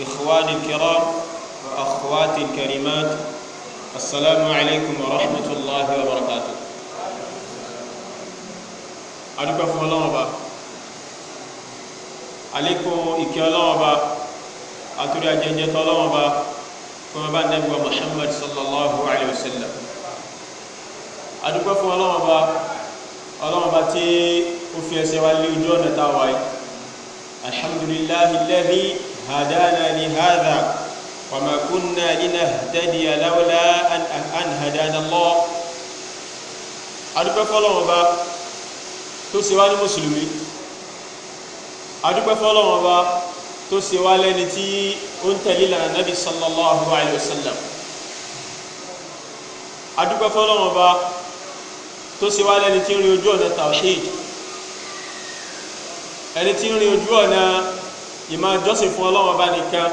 إخواني الكرام وأخواتي الكريمات السلام عليكم ورحمة الله وبركاته adúpẹ́ fún ọlọ́run ọba àlékún ìkẹ́ ọlọ́run ọba àtúrí ajẹ́jẹ́ tọ́ ọlọ́run ọba fún ọba nẹ́gbà Muhammad sallallahu alayhi wa sallam adúpẹ́ fún ọlọ́run ọba ọlọ́run ọba tí ó fi ẹsẹ̀ wa lé ojú ọ̀nà táwa yìí alhamdulillahi alladhi هدانا لهذا وما كنا لنهتدي لولا أن, أن هدانا الله adúpẹ́ fọ́lọ́wọ́n bá tó ṣe wá ní mùsùlùmí adúpẹ́ fọ́lọ́wọ́n bá tó ṣe wá lẹ́ni tí ó ń tẹ̀lé lànà nábì sallallahu alayhi wa sallam adúpẹ́ fọ́lọ́wọ́n bá tó ṣe wá lẹ́ni tí ń rin ojú ọ̀nà tawhid ẹni tí ń rin ojú ọ̀nà ìmọ̀ jọ́sìn fún ọlọ́wọ́n bá nìkan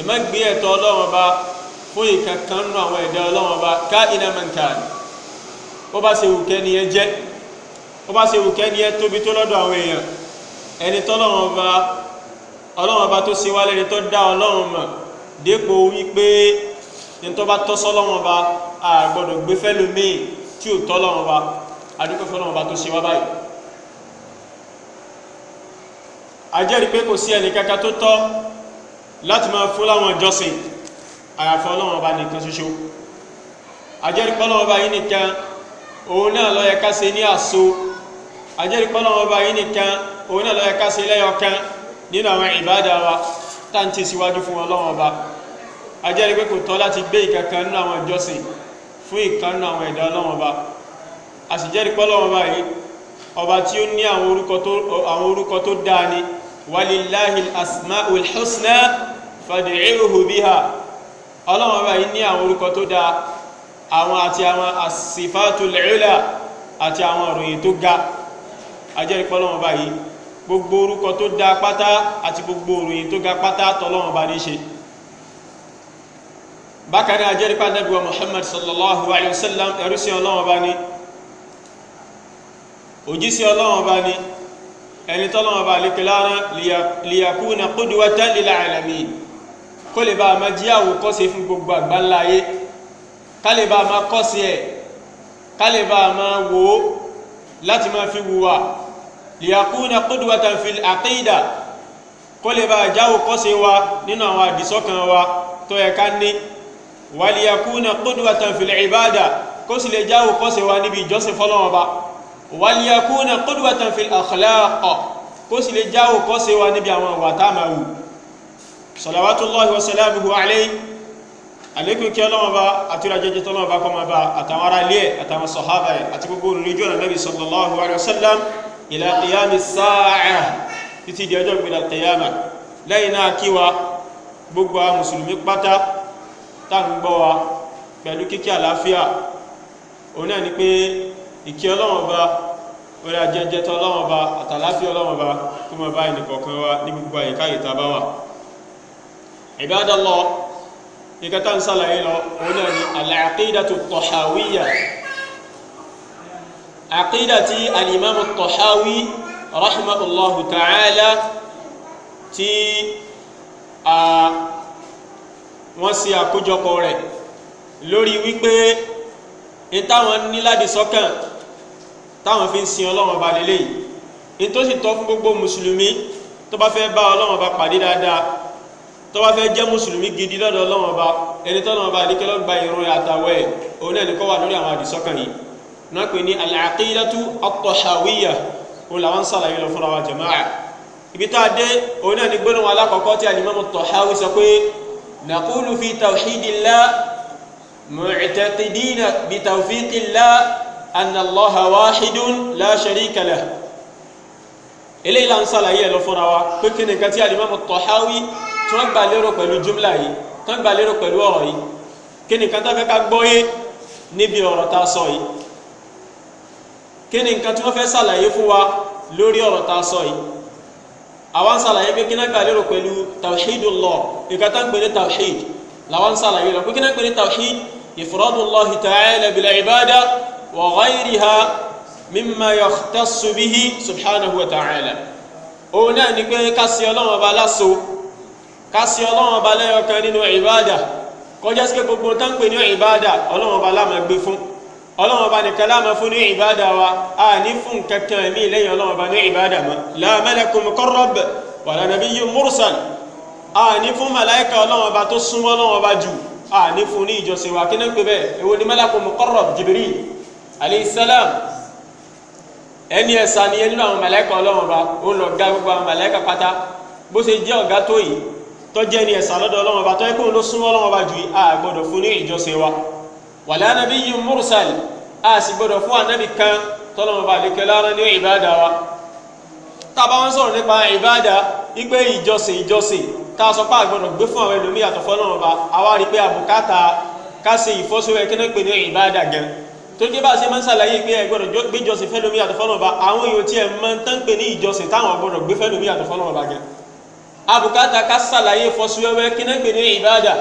ìmọ̀ gbé ẹ̀tọ́ ọlọ́wọ́n bá fún ìkankan nù àwọn ẹ̀dá ọlọ́wọ́n bá ká iná mẹ́ǹkà ni ó bá ṣe wù kẹ́ni ẹ jẹ́ ó bá ṣe wù kẹ́ni ẹ tóbi tó lọ́dọ̀ àwọn èèyàn ẹni tọ́lọ́wọ́n bá ọlọ́wọ́n bá tó ṣe wálé ẹni tó dá ọlọ́wọ́n mọ̀ dépò wípé ní tó bá tọ́ sọ́lọ́wọ́n bá àgbọ̀dọ̀ gbé fẹ́ lómi tí ò tọ́lọ́wọ́n bá adúgbò fọ́lọ́wọ́n bá tó ṣe wá báyìí ajẹ́rìí pé kò sí ẹnì kankan tó tọ́ láti máa fún láwọn ìjọsìn àyàfọ́ ọlọ́run ọba nìkan ṣoṣo ajẹ́rìí pé ọlọ́run ọba yìí nìkan òun náà ló yẹ ká ṣe wa tá à ń tẹ̀síwájú fún ọlọ́run ọba ajẹ́rìí pé kò tọ́ láti gbé ìkankan nínú àwọn ìjọsìn ọba tí ó ní àwọn orúkọ tó dáa ni walillahi asma'ul husna fad'ihu biha ọlọ́run ọba yìí ní àwọn orúkọ tó dáa àwọn àti àwọn asifatul ula àti àwọn òròyìn tó ga ajẹ́ ìpọ́lọ́run ọba yìí gbogbo orúkọ tó dáa pátá àti gbogbo òròyìn tó ga pátá tọ́lọ́run ọba ní ṣe bákan náà ajẹ́ muhammad sallallahu alayhi wa sallam ẹrú sí ní òjíṣẹ́ ọlọ́run bá ní ẹni tọ́lọ́run bá lè pẹ̀lára liyakuna qudwatan lil alamin kó lè bá a máa jí àwòkọ́ṣe fún gbogbo àgbáńlá ayé ká lè bá a máa kọ́ṣe ẹ̀ ká lè bá a máa wò ó láti máa fi wùwà liyakuna qudwatan fil aqida kó lè bá a jáwò kọ́ṣe wa nínú àwọn àdìsọ́kan wa tó yẹ ká ní waliyakuna qudwatan fil ibada kó sì lè jáwò kọ́ṣe wa níbi ìjọsìn fọ́lọ́run bá wàlíyàkúnà qudwatan fil akhlaq kó sì lè jáwò kọ́ sí wa níbi àwọn àwà tá máa wù salawatullahi wa salamuhu alayhi àlékún kí ọlọ́wọ́n bá àtúrà jẹjẹ tó lọ́wọ́ bá kọ́ máa bá àtàwọn ará ilé àtàwọn sọ̀hábà ẹ̀ àti gbogbo olùrìnjọ́ nabi sallallahu alayhi wa ila qiyami sáà títí di ọjọ́ ìgbìlà qiyama lẹ́yìn náà kí wa gbogbo àwọn mùsùlùmí pátá tá ń wa pẹ̀lú kíkí àlàáfíà òun ni pé ìkẹ́ ọlọ́wọ́n bá orí ajẹ́jẹ́tọ́ ọlọ́wọ́n bá àtàláfí ọlọ́wọ́n bá kó mọ bá ẹnì kọ̀ọ̀kan wa ní gbogbo àyíká ìta bá wà Ibadallah wọ́n ṣe àkójọpọ̀ rẹ̀ lórí wípé ìtàwọn ní táwọn fi ń sin ọlọ́run ọba lélẹ́yìí nítòsí tọ́ fún gbogbo mùsùlùmí tó bá fẹ́ bá ọlọ́run ọba pàdé dáadáa tó bá fẹ́ jẹ́ mùsùlùmí gidi lọ́dọ̀ ọlọ́run ọba ẹni tọ́lọ́run ọba àdékẹ́ lọ́gba ìrun rẹ̀ àtàwẹ̀ òun náà ní wà lórí àwọn àdìsọ́kàn yìí náà pè ní al-aqidatu òun làwọn ń sàlàyé lọ fúnra wa jama'a ibi tá a dé òun náà ní gbólóhùn alákọ̀ọ́kọ́ tí al-imam at-tahawi sọ pé naqulu fi tawhidillah mu'taqidina bi tawfiqillah أن الله واحد لا شريك له eléyìí la ń ṣàlàyé ẹ̀ lọ fúnra wa pé kí ni nǹkan tí alimami tọ́háwí tí wọ́n gbà lérò pẹ̀lú jumla yìí tí wọ́n gbà lérò pẹ̀lú ọ̀rọ̀ yìí kí ni nǹkan tó fẹ́ ká gbọ́yé níbi ọ̀rọ̀ tá a sọ yìí kí ni nǹkan tí wọ́n fẹ́ ṣàlàyé fún wa lórí ọ̀rọ̀ tá a sọ yìí àwa ń ṣàlàyé pé kí ni gbà lérò pẹ̀lú tawhidullah nǹkan tá ń pè ní tawhid làwa ń ṣàlàyé lọ pé kí ni gbà ní tawhid ifradullahi ta'ala bil ibada وغيرها مما يختص به سبحانه وتعالى òun náà ni pé ká sí ọlọ́run ọba láso ká sí ọlọ́run ọba lẹ́yọkan nínú ìbáàdà kọjá sí pé gbogbo tó ń pè ní ìbáàdà ọlọ́run ọba láàmà gbé fún ọlọ́run ọba nìkan láàmà fún ní ìbáàdà wa a ní fún kankan mí lẹ́yìn ọlọ́run ọba ní ìbáàdà mọ́ la malakun muqarrab wala nabiyyun mursal a ní fún màláìka ọlọ́run ọba tó súnmọ́ ọlọ́run ọba jù a ní fún ní ìjọsìn wa kí náà pè bẹ́ẹ̀ èwo ni malakun muqarrab Jibril aleyhisselam ẹni ẹ̀sà ni ẹni àwọn mẹ̀lẹ́kà ọlọ́run ọba ó lọ ga gbogbo àwọn mẹ̀lẹ́kà pátá bó ṣe jẹ́ ọ̀gá tó yìí tọ́jẹ́ ni ẹ̀sà lọ́dọ̀ ọlọ́run ọba tó yẹ kóun ló súnmọ́ ọlọ́run ọba jù yìí a gbọ́dọ̀ fún ní ìjọsìn wa wàlá anabi yìí mursal a sì gbọ́dọ̀ fún anabi kan tọ́lọ́run ọba àdékẹ́ lára ní ìbáda wa tá wọn sọ̀rọ̀ nípa ìbáda ipe ìjọsìn ìjọsìn tá a sọ pé a gbọ́dọ̀ gbé fún àwọn ẹlòmíyàtọ̀ fọ́lọ́run ọba àwa rí pé àbùkátà ká ṣe náà pè ní ìbáda gan-an torí bá a ṣe máa ń ṣàlàyé pé ẹ gbọ́dọ̀ gbé ìjọsìn fẹ́lómi àti fọ́lọ́run bá àwọn èèyàn tí ẹ máa ń tán pé ní ìjọsìn táwọn gbọ́dọ̀ gbé fẹ́lómi àti fọ́lọ́run bá gẹ abùkátà ká ṣàlàyé fọsíwẹ́wẹ́ kí náà pè ní ìbáàdà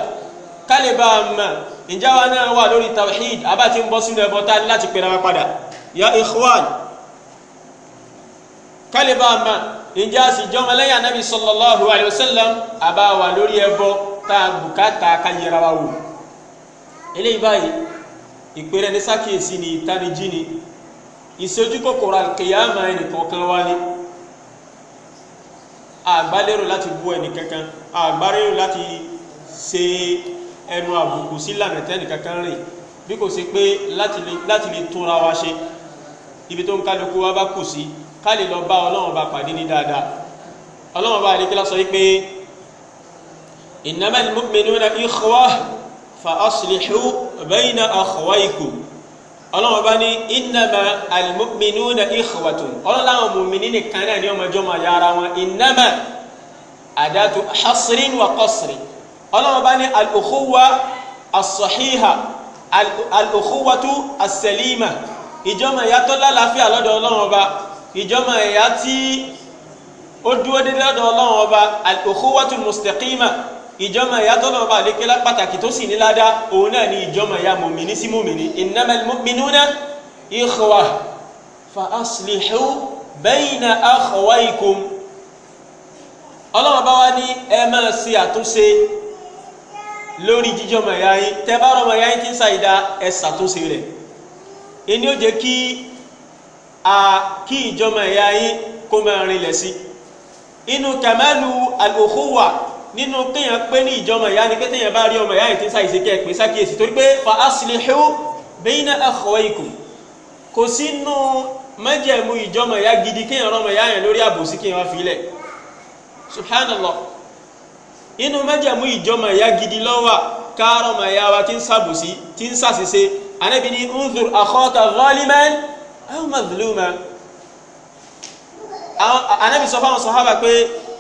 ká lè bá a mọ̀ ǹjẹ́ wa náà wà lórí tawhid àbá ti ń bọ́ sínú ẹbọ tá a ní láti pè náà padà ya ikhwan ká bá a mọ̀ ǹjẹ́ sì jọ ọmọ lẹ́yìn anábì sallallahu alayhi ìpèrè ní sákìyèsí ni ìtanijí ni ìṣojú àkèyàmà ẹnìkọ̀ọ̀kan wá ní láti bú ẹnìkankan àgbálérò láti ṣe ẹnu àbùkù sí lànàtẹ́ ẹnìkankan rìn bí kò sí pé láti lè túnra wa ṣe ibi tó ń kálukú wa bá kù sí ká lè lọ bá ọlọ́run bá pàdé ní dáadáa ọlọ́run bá àdékẹ́lá sọ wípé innamal mu'minuna ikhwah fa aslihu bayna akhawaykum ọlọ́wọ́n bá ní innama al-mu'minuna ikhwatun ọlọ́láwọn mùmìnì nìkan náà ni ọmọ ẹjọ́ máa yára wọn innama adatu hasrin wa qasrin ọlọ́wọ́n bá ní al-ukhuwa as-sahiha al-ukhuwatu as-salima ìjọmọ̀ ìyá tó lálàáfíà lọ́dọ̀ ọlọ́wọ́n ọba ìjọmọ̀ ìyá tí ó dúró dédé lọ́dọ̀ ọlọ́wọ́n ọba al-ukhuwatu ìjọmọ̀ ìyá tọ́nà ọba àlékélá pàtàkì tó sì ní ládá òun náà ni ìjọmọ̀ ìyá mòmìnì sí mòmìnì innamal mu'minuna ikhwa fa aslihu bayna akhawaykum ọlọ́run bá wá ní ẹ máa ṣe àtúnṣe lórí jíjọmọ̀ ìyá yín tẹ́ bá rọmọ ìyá yín tí ń ṣàìdá ẹ ṣàtúnṣe rẹ̀ ẹni ó jẹ́ kí a kí ìjọmọ̀ ìyá yín kó máa rinlẹ̀ sí inú kamalu al nínú kéèyàn pé ní ìjọmọ ìyá ni pé téèyàn bá rí ọmọ ìyá yìí tí ń ṣàìsí kẹ́ ẹ̀ pé sákìyèsí torí pé fa aslihu bayna akhawaykum kò sínú májẹ̀mú ìjọmọ ìyá gidi kéèyàn rọmọ ìyá yẹn lórí àbòsí kéèyàn wá filẹ̀ subhanallah inú májẹ̀mú ìjọmọ ìyá gidi lọ́wà kárọmọ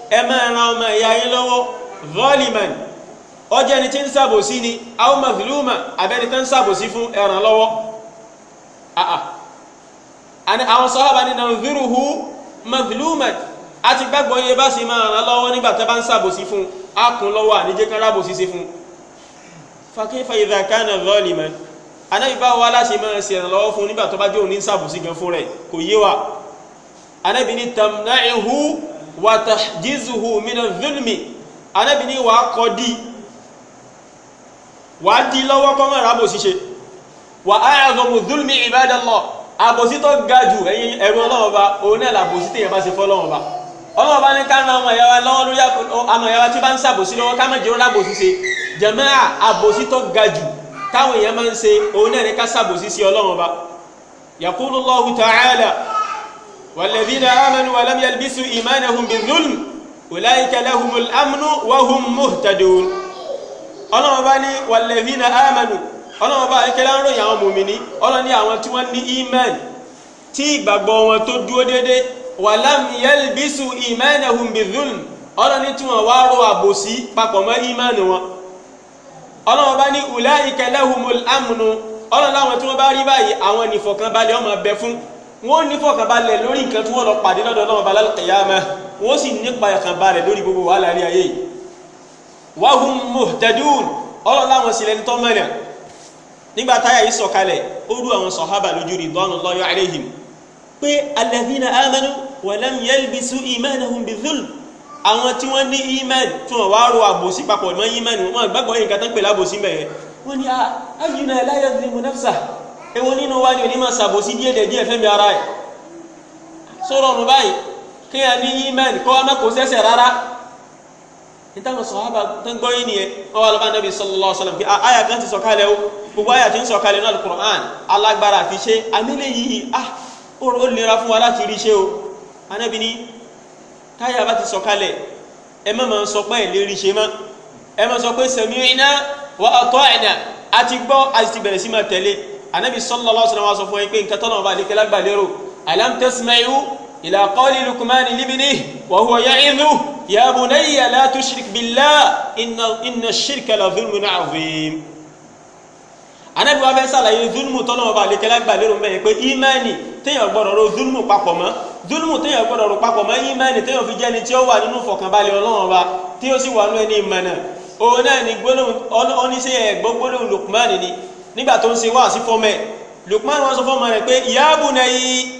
ẹ máa ran ọmọ ìyá yín lọ́wọ́ zaliman ọjọ́ ẹni tí ń ṣàbòsí ni aw mazluma abẹ́ni tí ń ṣàbòsí fún ẹ ràn lọ́wọ́ àwọn sàhábà ní nanziruhu mazluman àti gbàgbọ́ iye bá sì máa ràn lọ́wọ́ nígbà tẹ́ bá ń ṣàbòsí fún a kún lọ́wọ́ àníjẹ́ kan rábòsí sí fún fa kayfa idha kana zaliman anábì báwo wá láṣẹ máa ṣe ìrànlọ́wọ́ fún nígbà tó bá jẹ́ òní ń ṣàbòsí gan fún rẹ̀ kò yé wa anábì ní tamnaihu wàtàjízuhu mìíràn zulmi anábì ní wàá kọ́ dí wàá dí lọ́wọ́ kọ́mọ̀ rábò ṣíṣe wà á àzọmù zulmi ibadallah àbòsí tó ga jù ẹ̀yìn ẹ̀rù ọlọ́wọ́ bá òun náà làbòsí téèyàn bá ṣe fọ́lọ́wọ́ bá ọlọ́wọ́ bá ní ká ran ọmọ ìyáwá lọ́wọ́ lórí àmọ̀ ìyáwá tí bá ń ṣàbòsí lọ́wọ́ ká má jẹ́ rábòsí ṣe jàmáà àbòsí tó ga jù táwọn èèyàn máa ń ṣe òun náà ní ká ṣàbòsí sí ọlọ́wọ́ yaqulu Allahu ta'ala والذين آمنوا ولم يلبسوا إيمانهم بالظلم أولئك لهم الأمن وهم مهتدون ọlọ́run bá ní wàlẹ́hìnà àmàlù ọlọ́run bá ẹkẹ́lá ń ròyìn àwọn mòmìnì ọlọ́run ní àwọn tí wọ́n ní iman tí ìgbàgbọ́ wọn tó dúró dédé wàlám yẹlbisu imanahum bizul ọlọ́run ní tí wọ́n wá ro àbòsí papọ̀ mọ́ iman wọn ọlọ́run bá ní ulaika lahumul amnu ọlọ́run láwọn tí wọ́n bá rí báyìí àwọn nìfọ̀kànbalẹ̀ ọmọ bẹ fún wọ́n ní fọkànbalẹ̀ lórí nǹkan tí wọ́n lọ pàdé lọ́dọ̀ Ọlọ́run bá lálùkìyàmá wọ́n sì nípa ìkànbalẹ̀ lórí gbogbo wàhálà ní ayé wahum muhtadun Ọlọ́run láwọn sì lẹni tó mẹ́nà nígbà táyà yìí sọ̀kalẹ̀ ó rú àwọn sọ̀hábà lójú rí dọ́nù lọ́yọ́ àlẹ́yìn pé alladhina amanu wa lam yalbisu imanahum bizulm àwọn tí wọ́n ní iman tí wọ́n wá ro àbòsí papọ̀ mọ́ iman wọn gbàgbọ́ yìí nǹkan tán pè lábòsí mẹ́rin wọ́n ní ayuna la yazlimu nafsahu ewu nínú wa ni onímọ̀ sàbòsí díẹ̀ dẹ̀ díẹ̀ fẹ́mi ara ẹ̀ sọ̀rọ̀ ọ̀run báyìí kí a ní yíman kọ́ ọmọ kò sẹ́sẹ̀ rárá nítawọn sọ̀hábà tó ń gbọ́ yín nìyẹn wọ́n wà lọ́ba nàbí sallallahu alaihi wasallam pé àyà kan ti sọ̀kalẹ̀ o gbogbo àyà tí ń sọ̀kalẹ̀ náà Al-Qur'an alágbára àfi ṣe àmìlẹ̀ yìí ah ó lera fún wa láti rí ṣe o anábì ní táyà bá ti sọ̀kalẹ̀ ẹ má máa sọ pé ẹ̀ lè rí ṣe mọ́ ẹ má sọ pé sami'na wa ata'na àti gbọ́ àti ti bẹ̀rẹ̀ sí máa anabi sallallahu alaihi wasallam sọ fún yín pé nǹkan tọ́nà ọba àdékẹ́lá gbà lérò alam tasma'u ila qawli lukumani libnihi wa huwa ya'idhu ya bunayya la tushrik billah inna inna shirka la dhulmun azim anabi wa fẹ́ sàlàyé zulmu tọ́nà ọba àdékẹ́lá gbà lérò mẹ́yìn pé imani téèyàn gbọ́dọ̀ ro zulmu papọ̀ mọ́ zulmu téèyàn gbọ́dọ̀ ro papọ̀ mọ́ imani téèyàn fi jẹ́ni tí ó wà nínú fọkànbalẹ̀ ọlọ́run ọba tí ó sì wà nínú ẹni ìmọ̀nà òun náà ni gbólóhùn ọ́níṣẹ́ ẹ̀gbọ́ gbólóhùn Luqman ni nígbà tó ń ṣe wá sí fọ́mẹ̀ Lukman wọn sọ fọ́mọ rẹ̀ pé ya bunayi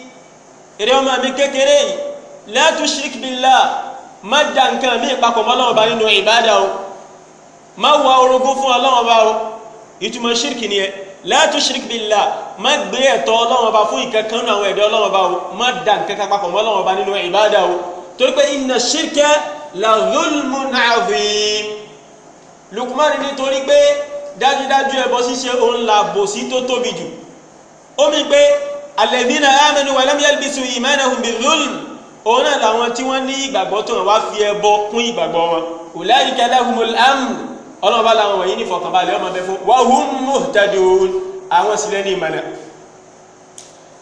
eré ọmọ mi kékeré yìí la tushrik billah má da nǹkan mi ìpapọ̀ mọ́ Ọlọ́run Ọba nínú ìbádà o má wá orogún fún Ọlọ́run Ọba o ìtumọ̀ shirk ni ẹ la tushrik billah má gbé ẹ̀tọ́ Ọlọ́run Ọba fún ìkankan nínú àwọn ẹ̀dẹ́ dájúdájú ẹbọ ṣíṣe òun la bòsí tó tóbi jù omi pé alladhina amanu wa lam yalbisu imanahum bizulm òun náà làwọn tí wọ́n ní ìgbàgbọ́ tó wá fi ẹbọ kún ìgbàgbọ́ wọn ulaika lahumul amn ọlọ́ọ̀bá làwọn wọ̀nyí ní fọkànbalẹ̀ ọmọ bẹ fún wa hum muhtadun àwọn sílẹ̀ ní ìmọ̀nà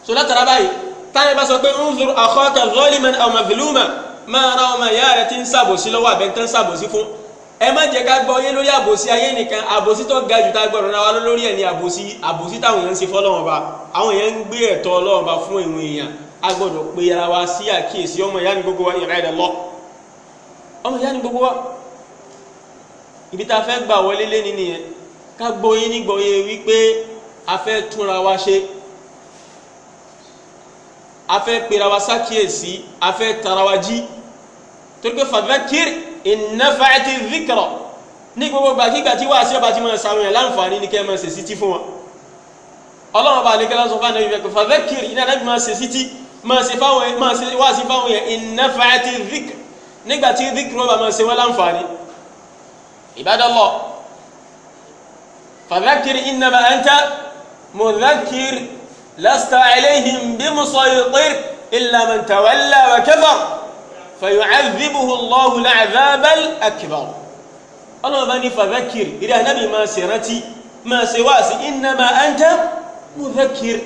so látara báyìí táyà bá sọ pé unzur akhaka zaliman aw mazluma máa ra ọmọ ìyá rẹ ti ń ṣàbòsí lọ́wọ́ àbẹ̀ntẹ́ ń ṣàbòsí fún ẹ má jẹ́ ká gbọ́ yé lórí àbòsí ayé nìkan àbòsí tó ga jù tá a gbọ́dọ̀ náà wá lórí ẹ̀ ní àbòsí àbòsí táwọn èèyàn ń ṣe fọ́lọ́wọ́n ba àwọn èèyàn ń gbé ẹ̀tọ́ Ọlọ́run ba fún ìwọ̀n èèyàn a gbọ́dọ̀ pe ara wa sí àkíyèsí ọmọ ìyá ni gbogbo wa ìrìn àìdá lọ ọmọ ìyá ni gbogbo wa ibi tá a fẹ́ gbà wọlé lé ní nìyẹn ká gbọ́ yé ní gbọ́ yé wípé a fẹ́ túnra wa ṣe a fẹ́ pera wa sákíyèsí a fẹ́ tara wa jí torí pé fàdúrà kiri ìnáfàtì zikọrọ ní gbogbo gbàkígbà tí wàá sí ọba tí máa sàrùn yẹn láǹfààní ní kẹ́ máa ṣe sítí fún wọn ọlọ́run ọba àlekẹ́lá sọ fún ànábì fẹ́kọ̀ fàdékìrì iná ànábì máa ṣe sítí máa sí fáwọn yẹn ìnáfàtì zik fayu'adhibuhu Allahu al-'adhabal akbar ọlọ́run bá ní fàdákìrì ìdí ànábì máa ṣe rántí máa ṣe wá sí innama anta mudhakkir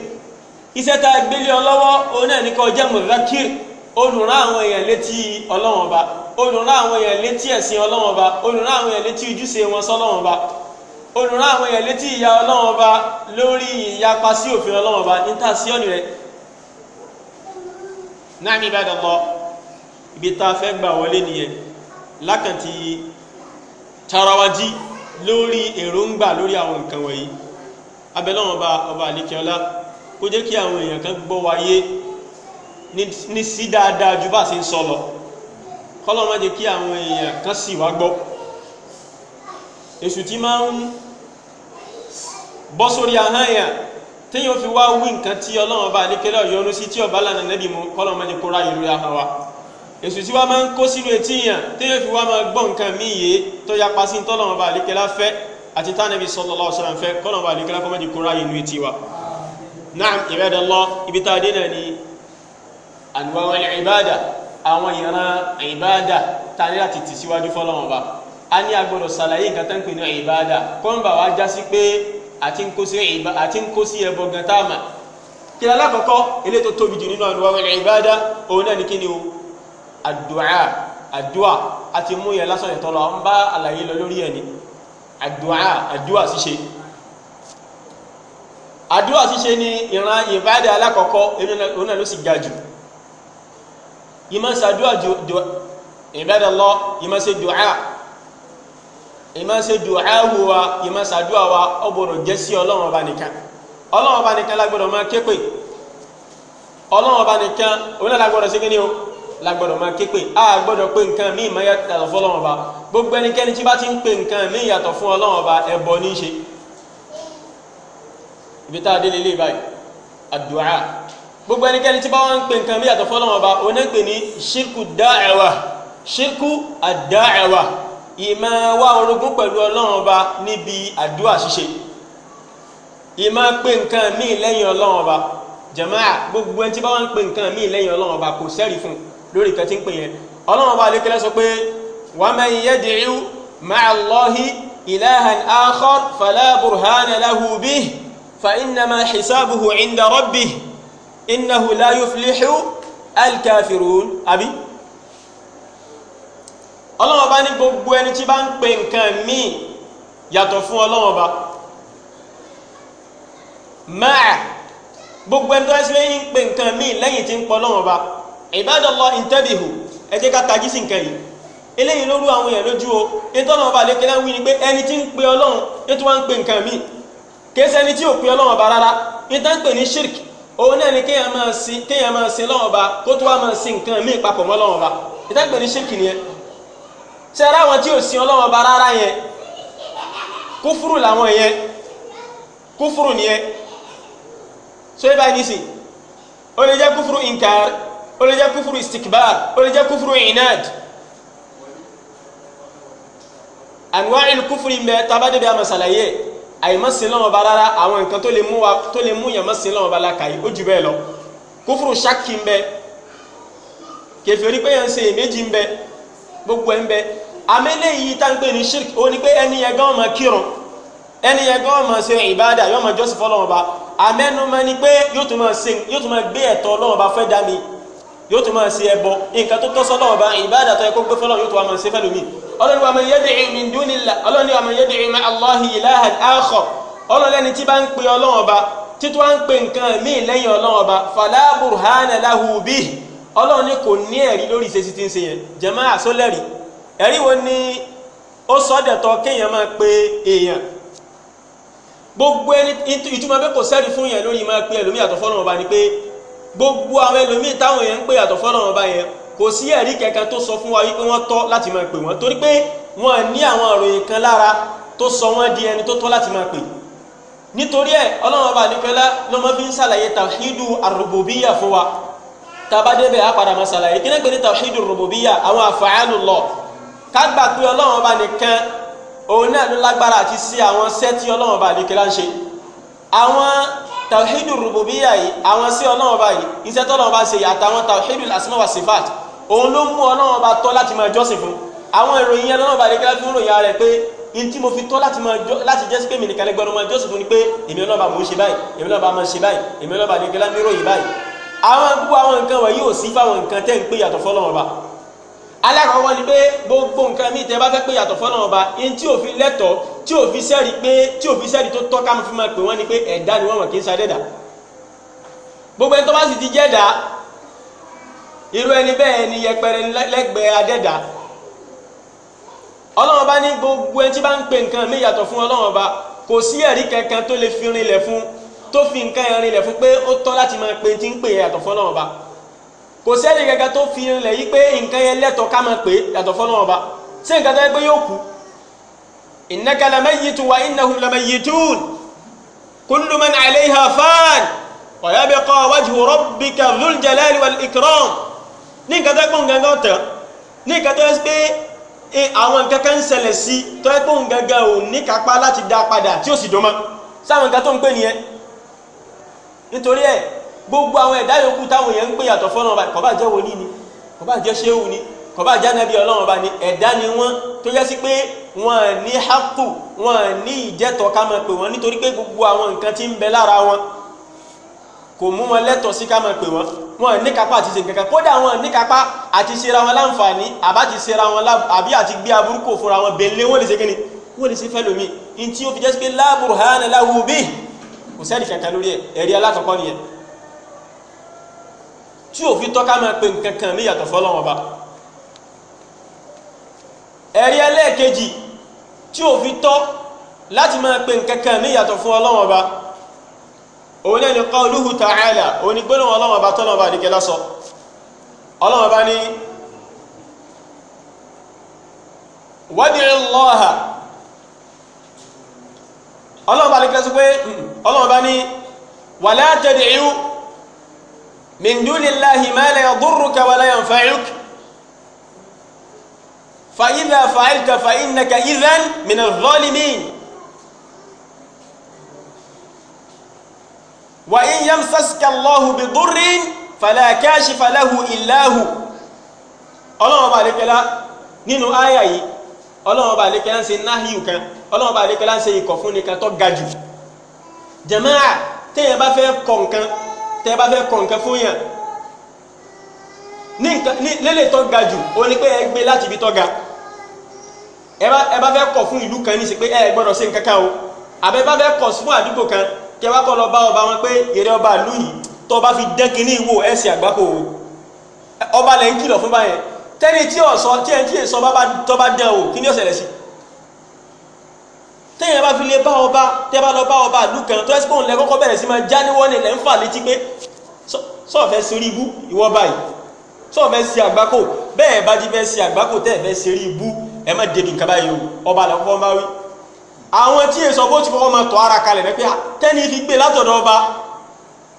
iṣẹ́ tá a gbélé ọlọ́wọ́ òun náà ní kó jẹ́ mudhakkir olùrán àwọn èèyàn létí ọlọ́run ọba olùrán àwọn èèyàn létí ẹ̀sìn ọlọ́run ọba olùrán àwọn èèyàn létí ojúṣe wọn sọ́lọ́run ọba olùrán àwọn èèyàn létí ìyà ọlọ́run ọba ibi tá a fẹ́ gbà wọlé nìyẹn lákàntí tarawají lórí èròǹgbà lórí àwọn nǹkan wọ̀nyí abẹ́lọ́wọ̀n ọba ọba àlékẹ́ọ́lá kó jẹ́ kí àwọn èèyàn kan gbọ́ wáyé ní sí dáadáa ju bá ṣe ń sọ lọ kọ́lọ́ má jẹ́ kí àwọn èèyàn kan sì wá gbọ́ èṣù tí máa ń bọ́ sórí ahọ́n èèyàn téèyàn fi wá wí nǹkan tí ọlọ́run ọba àlékẹ́lá yọ́nú sí tí ọba lànà nẹ́bí mu má jẹ́ kó ráyè lórí ahọ́n wa èsù tí wàá máa ń kó sínú etí yàn téèyàn fi wàá máa gbọ́ nǹkan míì yé tó ya pa sí ń tọ́lọ́mọ bá àlékẹ́lá fẹ́ àti tánàbí sallallahu alaihi wasallam fẹ́ kọ́lọ́mọ bá àlékẹ́lá fọ́mọ́dé kóra yìí nú etí wa. naam ibadallah ibi tá a dé náà ni anwa'u al-ibada àwọn ìran ìbáàdà tá a ní láti tì síwájú fọ́lọ́mọ bá a ní agbọ́dọ̀ sàlàyé nǹkan tó ń pè ní ìbáàdà kọ́ńbà wa já sí pé àti ń kó sí ẹbọ gan táàmà kí alákọ̀ọ́kọ́ àdùá àdùá àti mú yẹn lásán ìtọ́ lọ ń bá àlàyé lọ lórí ẹ̀ ní àdùá àdùá ṣíṣe àdùá ṣíṣe ni ìran ìbádà alákọ̀ọ́kọ́ òun náà ló sì ga jù ìmọ̀ ṣàdùá ìbádà Allah ìmọ̀ ṣe dùá ìmọ̀ ṣe dùá wa ìmọ̀ ṣàdùá wa ó gbọ́dọ̀ jẹ́ sí ọlọ́run ọba nìkan ọlọ́run ọba nìkan lágbọ́dọ̀ máa ké pè ọlọ́run ọba nìkan òun náà lágbọ́dọ̀ sí kí ni o la gbọ́dọ̀ máa ké pè á gbọ́dọ̀ pé nǹkan míì máa yàtọ̀ fún ọlọ́run ọba gbogbo ẹnikẹ́ni tí bá ti ń pè nǹkan míì yàtọ̀ fún ọlọ́run ọba ẹbọ ní í ṣe ibi tá a dé lélẹ̀ báyìí àdúrà gbogbo ẹnikẹ́ni tí bá wọn ń pè nǹkan míì yàtọ̀ fún ọlọ́run ọba òun ń pè ní ṣírkù dáẹ̀wà ṣírkù àdáẹ̀wà ìmọ̀ wá orogún pẹ̀lú ọlọ́run ọba níbi àdúrà ṣíṣe ìmọ̀ pé nǹkan míì lẹ́yìn ọlọ́run ọba jàmáà gbogbo ẹni tí bá wọn ń pè nǹkan míì lẹ́yìn ọlọ́run ọba kò sẹ́rìí fún un lórí nǹkan tí ń pè yẹn ọlọ́run ọba àlékẹ́lẹ́ sọ pé wa man yad'u ma'a Allahi ilahan akhar fala burhana lahu bihi fa innama hisabuhu 'inda rabbih innahu la yuflihu al-kafirun àbí ọlọ́run ọba ní gbogbo ẹni tí bá ń pe nǹkan míì yàtọ̀ fún ọlọ́run ọba máa gbogbo ẹni tó ẹ́ sílẹ̀ yìí nǹkan míì lẹ́yìn tí ń pọ̀ ọlọ́run ọba Ibadallah intabihu ẹ jẹ́ ká tají sí nǹkan yìí eléyìí lóru àwọn èèyàn lójú o nítorí ọba àlékelá ń wí ni pé ẹni tí ń pe ọlọ́run ní tí wọ́n ń pe nǹkan míì kìí ṣẹni tí ò pe ọlọ́run ọba rárá ní tá ń pè ní shirk òun náà ni kéèyàn máa sin kéèyàn máa sin lọ́wọ́ ọba kó tó wá máa sin nǹkan míì papọ̀ mọ́ lọ́wọ́ ọba ní tá ń pè ní shirk nìyẹn ṣe ara àwọn tí ò sin ọlọ́run ọba rárá yẹn kúfúrú làwọn yẹn kúfúrú nìyẹn so ibà ní sìn ó lè jẹ́ kúfúrú inkar ó lè jẹ́ kúfúrú istikbar ó lè jẹ́ kúfúrú inad anwa'il kúfúrú mẹ́ tabadé bí a mọ̀ sàlàyé àìmọ́sìn lọ́wọ́ bá rárá àwọn nǹkan tó lè mú wa tó lè mú yàn mọ́sìn lọ́wọ́ bá lákàyè ó jù bẹ́ẹ̀ lọ kúfúrú ṣákì ń bẹ kèfèrí pé yẹn ń ṣe èméjì ń bẹ gbogbo ẹ̀ ń bẹ amẹ́lẹ́ yìí tá ń pè ní shirk ó ní pé ẹni yẹn gan máa kírun ẹni yẹn gan máa ṣe ìbáàdà yóò máa jọ́sìn amẹ́nu máa ní pé yóò tún máa gbé ẹ̀tọ́ Ọlọ́run fẹ́ dá mi yóò tún máa ṣe ẹbọ nǹkan tó tọ́ sọ́dọ̀ ọba ìbáàdà tó yẹ kó gbé fọlọ́ yóò tún wá máa ṣe fẹ́ lómi ọlọ́ni wa man yad'i min dunillah ọlọ́ni wa man yad'i ma Allahi ilahan akhar ọlọ́ni ẹni tí bá ń pe Ọlọ́run ọba títí wá ń pe nǹkan míì lẹ́yìn Ọlọ́run ọba fala burhana lahu bih ọlọ́ni kò ní ẹ̀rí lórí ìṣesí tí ń ṣe yẹn jẹ̀mọ́ àsólẹ́rì ẹ̀rí wo ni ó sọ́dẹ̀tọ̀ gbogbo ẹni ìtumọ̀ pé kò sẹ́rí fún yẹn lórí máa pe ẹlòmíyàtọ̀ fọ́nà ni pé gbogbo àwọn ẹlòmíì táwọn yẹn ń pè yàtọ̀ fọ́lọ́run ọba yẹn kò sí ẹ̀rí kankan tó sọ fún wa wípé wọ́n tọ́ láti máa pè wọ́n torí pé wọ́n ní àwọn ìròyìn kan lára tó sọ wọ́n di ẹni tó tọ́ láti máa pè nítorí ẹ̀ ọlọ́run ọba àdìpẹ́lá ló máa fi ń ṣàlàyé tàwíìdù àrùbòbíyà fún wa tába débẹ̀ á padà máa ṣàlàyé kí náà pé ní tàwíìdù àrùbòbíyà àwọn àfààlù lọ ká gbà pé ọlọ́run ọba nìkan òun náà ló lágbára àti sí àwọn sẹ́tí ọlọ́run ọba àdìpẹ́lá ń ṣe àwọn tawhidu rububiya yìí àwọn sí ọlọ́run ọba yìí iṣẹ́ tọ́lọ́run ọba ṣe yìí àtàwọn tawhidu asma wa sifat òun ló mú ọlọ́run ọba tọ́ láti máa jọ́sìn fún àwọn ìròyìn yẹn lọ́lọ́run ọba lè kíláà fún ròyìn rẹ̀ pé n tí mo fi tọ́ láti máa jọ láti jẹ́ sí pé mi nìkan lè gbọ́dọ̀ máa jọ́sìn fún ni pé èmi ọlọ́ba mò ń ṣe báyìí èmi ọlọ́ba máa ń ṣe báyìí èmi ọlọ́ba lè kíláà mí ròyìn báyìí àwọn gbogbo àwọn nǹkan wọ̀nyí ò sí fáwọn nǹkan alákọ̀ọ́wọ́ ni pé gbogbo nǹkan mi tẹ́ bá fẹ́ pé yàtọ̀ fọ́nà ọba in tí òfin lẹ́tọ̀ tí òfin sẹ́rí pé tí òfin sẹ́rí tó tọ́ka mi fi máa pè wọ́n ni pé ẹ̀dá ni wọ́n mọ̀ kí n sadẹ́dà gbogbo ẹni tó bá sì ti jẹ́dà irú ẹni bẹ́ẹ̀ ni yẹpẹrẹ lẹ́gbẹ̀ẹ́ adẹ́dà ọlọ́run ọba ní gbogbo ẹni tí bá ń pè nǹkan mi yàtọ̀ fún ọlọ́run ọba kò sí ẹ̀rí kankan tó lè fi rinlẹ̀ fún tó fi nǹkan rinlẹ̀ fún pé ó tọ́ láti máa pe ti ń pè yàtọ̀ fọ́nà ọba kò sẹ́ni kankan tó fi rinlẹ̀ yí pé nǹkan yẹn lẹ́tọ̀ọ́ ká máa pè é yàtọ̀ fọ́nà ọba sí nǹkan tó yẹ pé yóò kú innaka lamayyitun wa innahum lamayyitun kullu man alayha fan wa yabqa wajhu rabbika dhul jalali wal ikram ní nǹkan tó yẹ pé nǹkan kan tẹ̀ ní nǹkan tó yẹ pé eh, àwọn nǹkan kan ń ṣẹlẹ̀ sí tó yẹ pé nǹkan kan ò ní kápá láti dá padà tí ó sì dùn mọ́ sáwọn nǹkan tó ń pè nìyẹn nítorí ẹ̀ gbogbo àwọn ẹ̀dá yòókù táwọn èèyàn ń gbé yàtọ̀ fọ́nà ọba kọ̀bá jẹ́ wòlíì ni kọ̀bá jẹ́ ṣéwù ni kọ̀bá jẹ́ anabi ọlọ́run ọba ni ẹ̀dá ni wọ́n tó yẹ sí pé wọ́n ní hákù wọ́n ní ìjẹ́tọ̀ ká máa pè wọ́n nítorí pé gbogbo àwọn nǹkan tí ń bẹ lára wọn kò mú wọn lẹ́tọ̀ọ́ sí ká máa pè wọ́n wọn ní kápá àti ṣe nǹkankan kódà wọn ní kápá àti ṣera wọn láǹfààní àbá ti ṣera wọn àbí àti gbé aburúkọ fúnra wọn bẹ̀lẹ́ wọ́n lè ṣe kíni wọ́n lè ṣe fẹ́ lómi ní tí ó fi jẹ́ sí pé la burhana lahu kò sẹ́ni kankan lórí ẹ̀ ẹ̀rí alákọ̀ọ́kọ́ nìyẹn tí òfin tọ́ka máa pe nǹkan kan mí yàtọ̀ fọ́lọ́wọ́n ba ẹ̀rí ẹlẹ́ẹ̀kejì tí òfin tọ́ láti máa pe nǹkan kan mí yàtọ̀ fún ọlọ́wọ́n ba òun náà ni qawluhu ta'ala òun ni gbólóhùn ọlọ́wọ́n ba tọ́lọ́wọ́n ba nìkẹ́ lásọ ọlọ́wọ́n ba ní wadi Allaha ọlọ́wọ́n ba nìkẹ́ sọ pé hmm. ọlọ́wọ́n ba ní wala tad'u من دون الله ما لا يضرك ولا ينفعك فإذا فعلت فإنك إذا من الظالمين وإن يمسسك الله بضر فلا كاشف له إلا هو ọlọ́run ọba àlékẹ́lá nínú àyà yìí ọlọ́run ọba àlékẹ́lá ń ṣe náhíù kan ọlọ́run ọba àlékẹ́lá ń ṣe ìkọ̀ fún nìkan tó ga jù jàmáà téèyàn bá fẹ́ kọ̀ tẹ́ bá fẹ́ kọ nǹkan fún yàn ní lélẹ̀ tó ga jù o ní pé ẹ gbé láti ibi tó ga ẹ bá fẹ́ kọ fún ìlú kan ní sí pé ẹ gbọ́dọ̀ sí nǹkan kan o àbẹ bá fẹ́ kọ fún àdúgbò kan kẹ́ wá kọ́ lọ bá ọba wọn pé èrè ọba ìlú yìí tó bá fi dẹ́kin ní ìwò ẹ̀sìn àgbákò o ọba lẹ́yìn kìlọ̀ fún báyẹn tẹ́ni tí ò sọ tí ẹ tí ì sọ bá tọ́ bá dẹ́ o kí ni ó ṣẹlẹ̀ sí téèyàn bá fi lè bá ọba tẹ́ bá lọ bá ọba ìlú kan tó ẹ́sìkò ńlẹ̀ kọ́kọ́ bẹ̀rẹ̀ sí máa já ní wọ́n nílẹ̀ ń fà létí pé sọ́ọ̀fẹ́ sí rí ibú ìwọ báyìí sọ́ọ̀fẹ́ sí àgbákò bẹ́ẹ̀ bá ti fẹ́ sí àgbákò tẹ́ fẹ́ sí rí ibú ẹ má dèkì nǹkan báyìí o ọba làkọ́kọ́ bá wí. àwọn tí èso bó ti fọwọ́ máa tọ́ ara kalẹ̀ rẹ pé ah, tẹ́ni fi gbé látọ̀dọ̀ ọba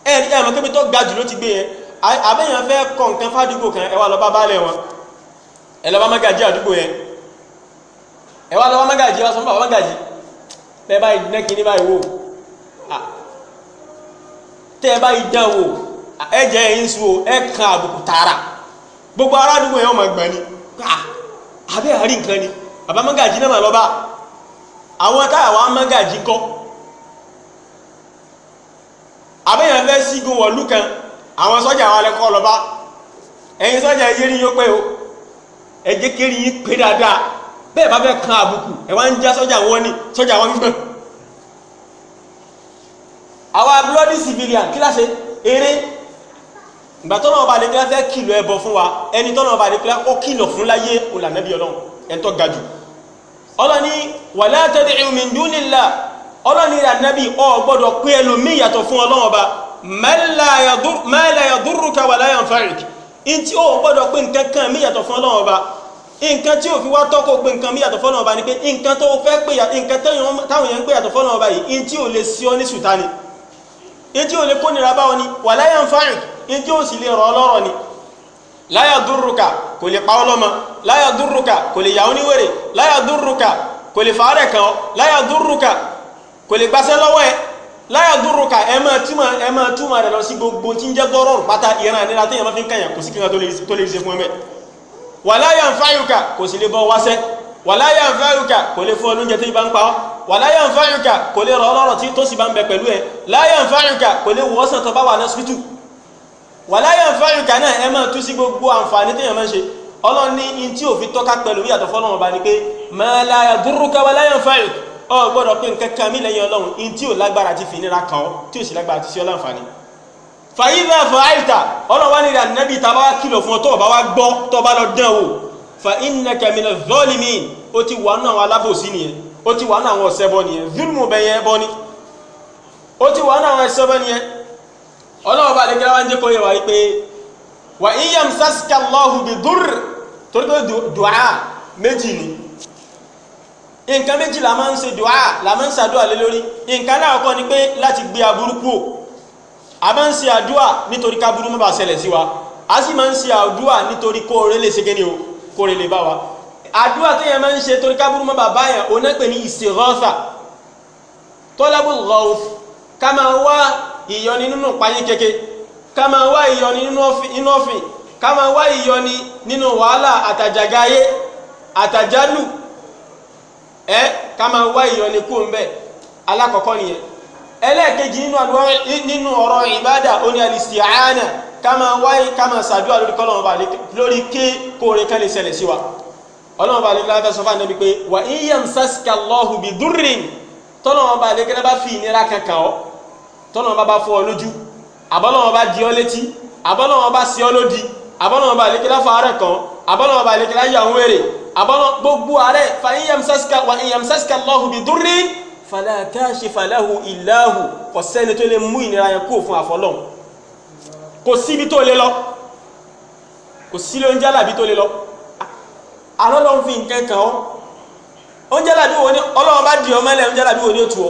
ẹ ẹ mọ̀ kébi tó ga jù ló ti gbé yẹn àbẹ́yàn fẹ́ kọ̀ nǹkan fádùúgbò kan ẹ wá lọ bá baálẹ̀ wọn ẹ lọ bá mágàjì àdúgbò yẹn ẹ wá lọ bá mágàjì wá sọ fún bàbá mágàjì tẹ́ bá iná kíní báyìí wò tẹ́ bá idán wò ẹ̀jẹ̀ ẹ̀yìn sùn o ẹ̀ kan àbùkù tààrà gbogbo aládùúgbò yẹn wọ́n máa gbà ní abẹ́ àárín nǹkan ni bàbá mọ́gàjì náà máa lọ bá àwọn táyà wa mọ́gàjì kọ́ abẹ́yẹn fẹ́ sígun wọ̀lú kan àwọn sọ́jà wa lẹ́kọ́ lọ bá ẹ̀yin sọ́jà ẹ̀yẹ́rin yóò pẹ́ o ẹ̀jẹ̀ kéré yín pé dáadáa bẹ́ẹ̀ bá fẹ́ kan àbùkù ẹ̀ wá ń já sọ́jà wọn ni sọ́jà wọn gbọ̀n àwa bloody civilian kí láṣẹ eré ìgbà tọ́nà ọba àdékẹ́lá fẹ́ kìlọ̀ ẹbọ fún wa ẹni tọ́nà ọba àdékẹ́lá ó kìlọ̀ fún láyé olànàbí ọlọ́run ẹ̀ńtọ́ ga jù ọlọ́ni wala tad'u min dunillah ọlọ́ni ànábì ọ gbọ́dọ̀ pé ẹlòmíì yàtọ̀ fún ọlọ́run ọba ma la yadurruka nǹkan tí òfin wá tọ́kọ̀ pé nǹkan míyàtọ̀ fọ́nà ọba ni pé nǹkan tó fẹ́ pé nǹkan táwọn èèyàn ń pè yàtọ̀ fọ́nà ọba yìí in tí ò lè sí ọ ní sùtá ni in tí ò lè kónira báwọn ni wà láyà ń fáyìn in tí ò sì lè rọ ọlọ́rọ̀ ni láyà dúrùkà kò lè pa ọlọ́mọ láyà dúrùkà kò lè yà oníwèrè láyà dúrùkà kò lè fàárẹ̀ kan ọ láyà dúrùkà kò lè gbaṣẹ́ lọ́wọ́ ẹ wàláyà ń fáyùkà kò sì lè bọ́ wáṣẹ́ wàláyà ń fáyùkà kò lè fún ọ lóúnjẹ tí bá ń pa ọ́ wàláyà ń fáyùkà kò lè rọ ọlọ́rọ̀ tí tó sì bá ń bẹ pẹ̀lú ẹ láyà ń fáyùkà kò lè wọ́sàn tó bá wà ní ọsibítù wàláyà ń fáyùkà náà ẹ máa tú sí gbogbo àǹfààní téèyàn máa ń ṣe ọlọ́run ní in tí òfin tọ́ka pẹ̀lú yàtọ̀ fọlọ́run ọba ni pé máa láyà dúrúkà wàláyà ń fáyùkà ọ gbọ́dọ̀ pé nǹkan kan mí lẹ́yìn ọlọ́run in tí ò lágbára ti fi nira kàn ọ́ tí ò sì lágbára ti ṣe ọlọ́ǹfààní fàyíbà fàáìtà ọlọ́wà ní ìrìn ànábì tá a bá wá kìlọ̀ fún ọ tó o bá wá gbọ́ tó o bá lọ dán o fa innaka minaz zalimin ó ti wà nù àwọn alábòsí nìyẹn ó ti wà nù àwọn ọ̀sẹ̀ bọ́ nìyẹn zulmù bẹ̀yẹn bọ́ ni ó ti wà nù àwọn ẹ̀sẹ̀ bọ́ nìyẹn ọlọ́wà bá lẹ́gẹ́rẹ́ wá ń jẹ́ kó yí pé wà in yamsaska Allahu bidur torí pé méjì la máa ń ṣe dùá la máa ń ṣàdúrà lé lórí nǹkan náà kọ́ ni pé láti gbé aburú kúò a máa ń ṣe àdúà nítorí kábúrú má bàa ṣẹlẹ̀ sí wa a sì máa ń ṣe àdúà nítorí kóore lè ṣe kéde o kóore lè bá wa àdúà tó yẹn máa ń ṣe torí kábúrú má bàa bá yẹn òun náà pè ní ìṣèrọ́sà tọ́lábù rọ́ọ̀f ká máa wá ìyọni nínú payín keke ká máa wá ìyọni nínú ọ̀fìn ká máa wá ìyọni nínú wàhálà àtàjàgáyé àtàjálù ẹ ká máa wá ìyọni kú ń bẹ alákọ̀ọ́kọ́ nìyẹn ẹlẹ́ẹ̀kejì nínú ọ̀rọ̀ ìbádà ó ní al-isti'ana ká máa wáyé ká máa ṣàdúrà lórí kọ́lọ́mù bá lórí ké kóore kan lè ṣẹlẹ̀ sí wa ọlọ́mù bá lè lábẹ́ sọ fún ànábi pé wa in yamsaska Allahu bi durrin tọ́lọ́mù bá lè kẹ́lẹ́ bá fi ìnira kankan ọ́ tọ́lọ́mù bá bá fọ́ fala kashifa lahu illa hu kò sẹ́ni tó lè mú ìnira yẹn kúrò fún àfọlọ́n kò síbi tó lè lọ kò sí ló ń jálàbí tó lè lọ àlọ́lọ́ ń fi nǹkan kan ọ́ ó ń jálàbí wo ni ọlọ́run bá di ọ mẹ́lẹ̀ ń jálàbí wo ni ó tu ọ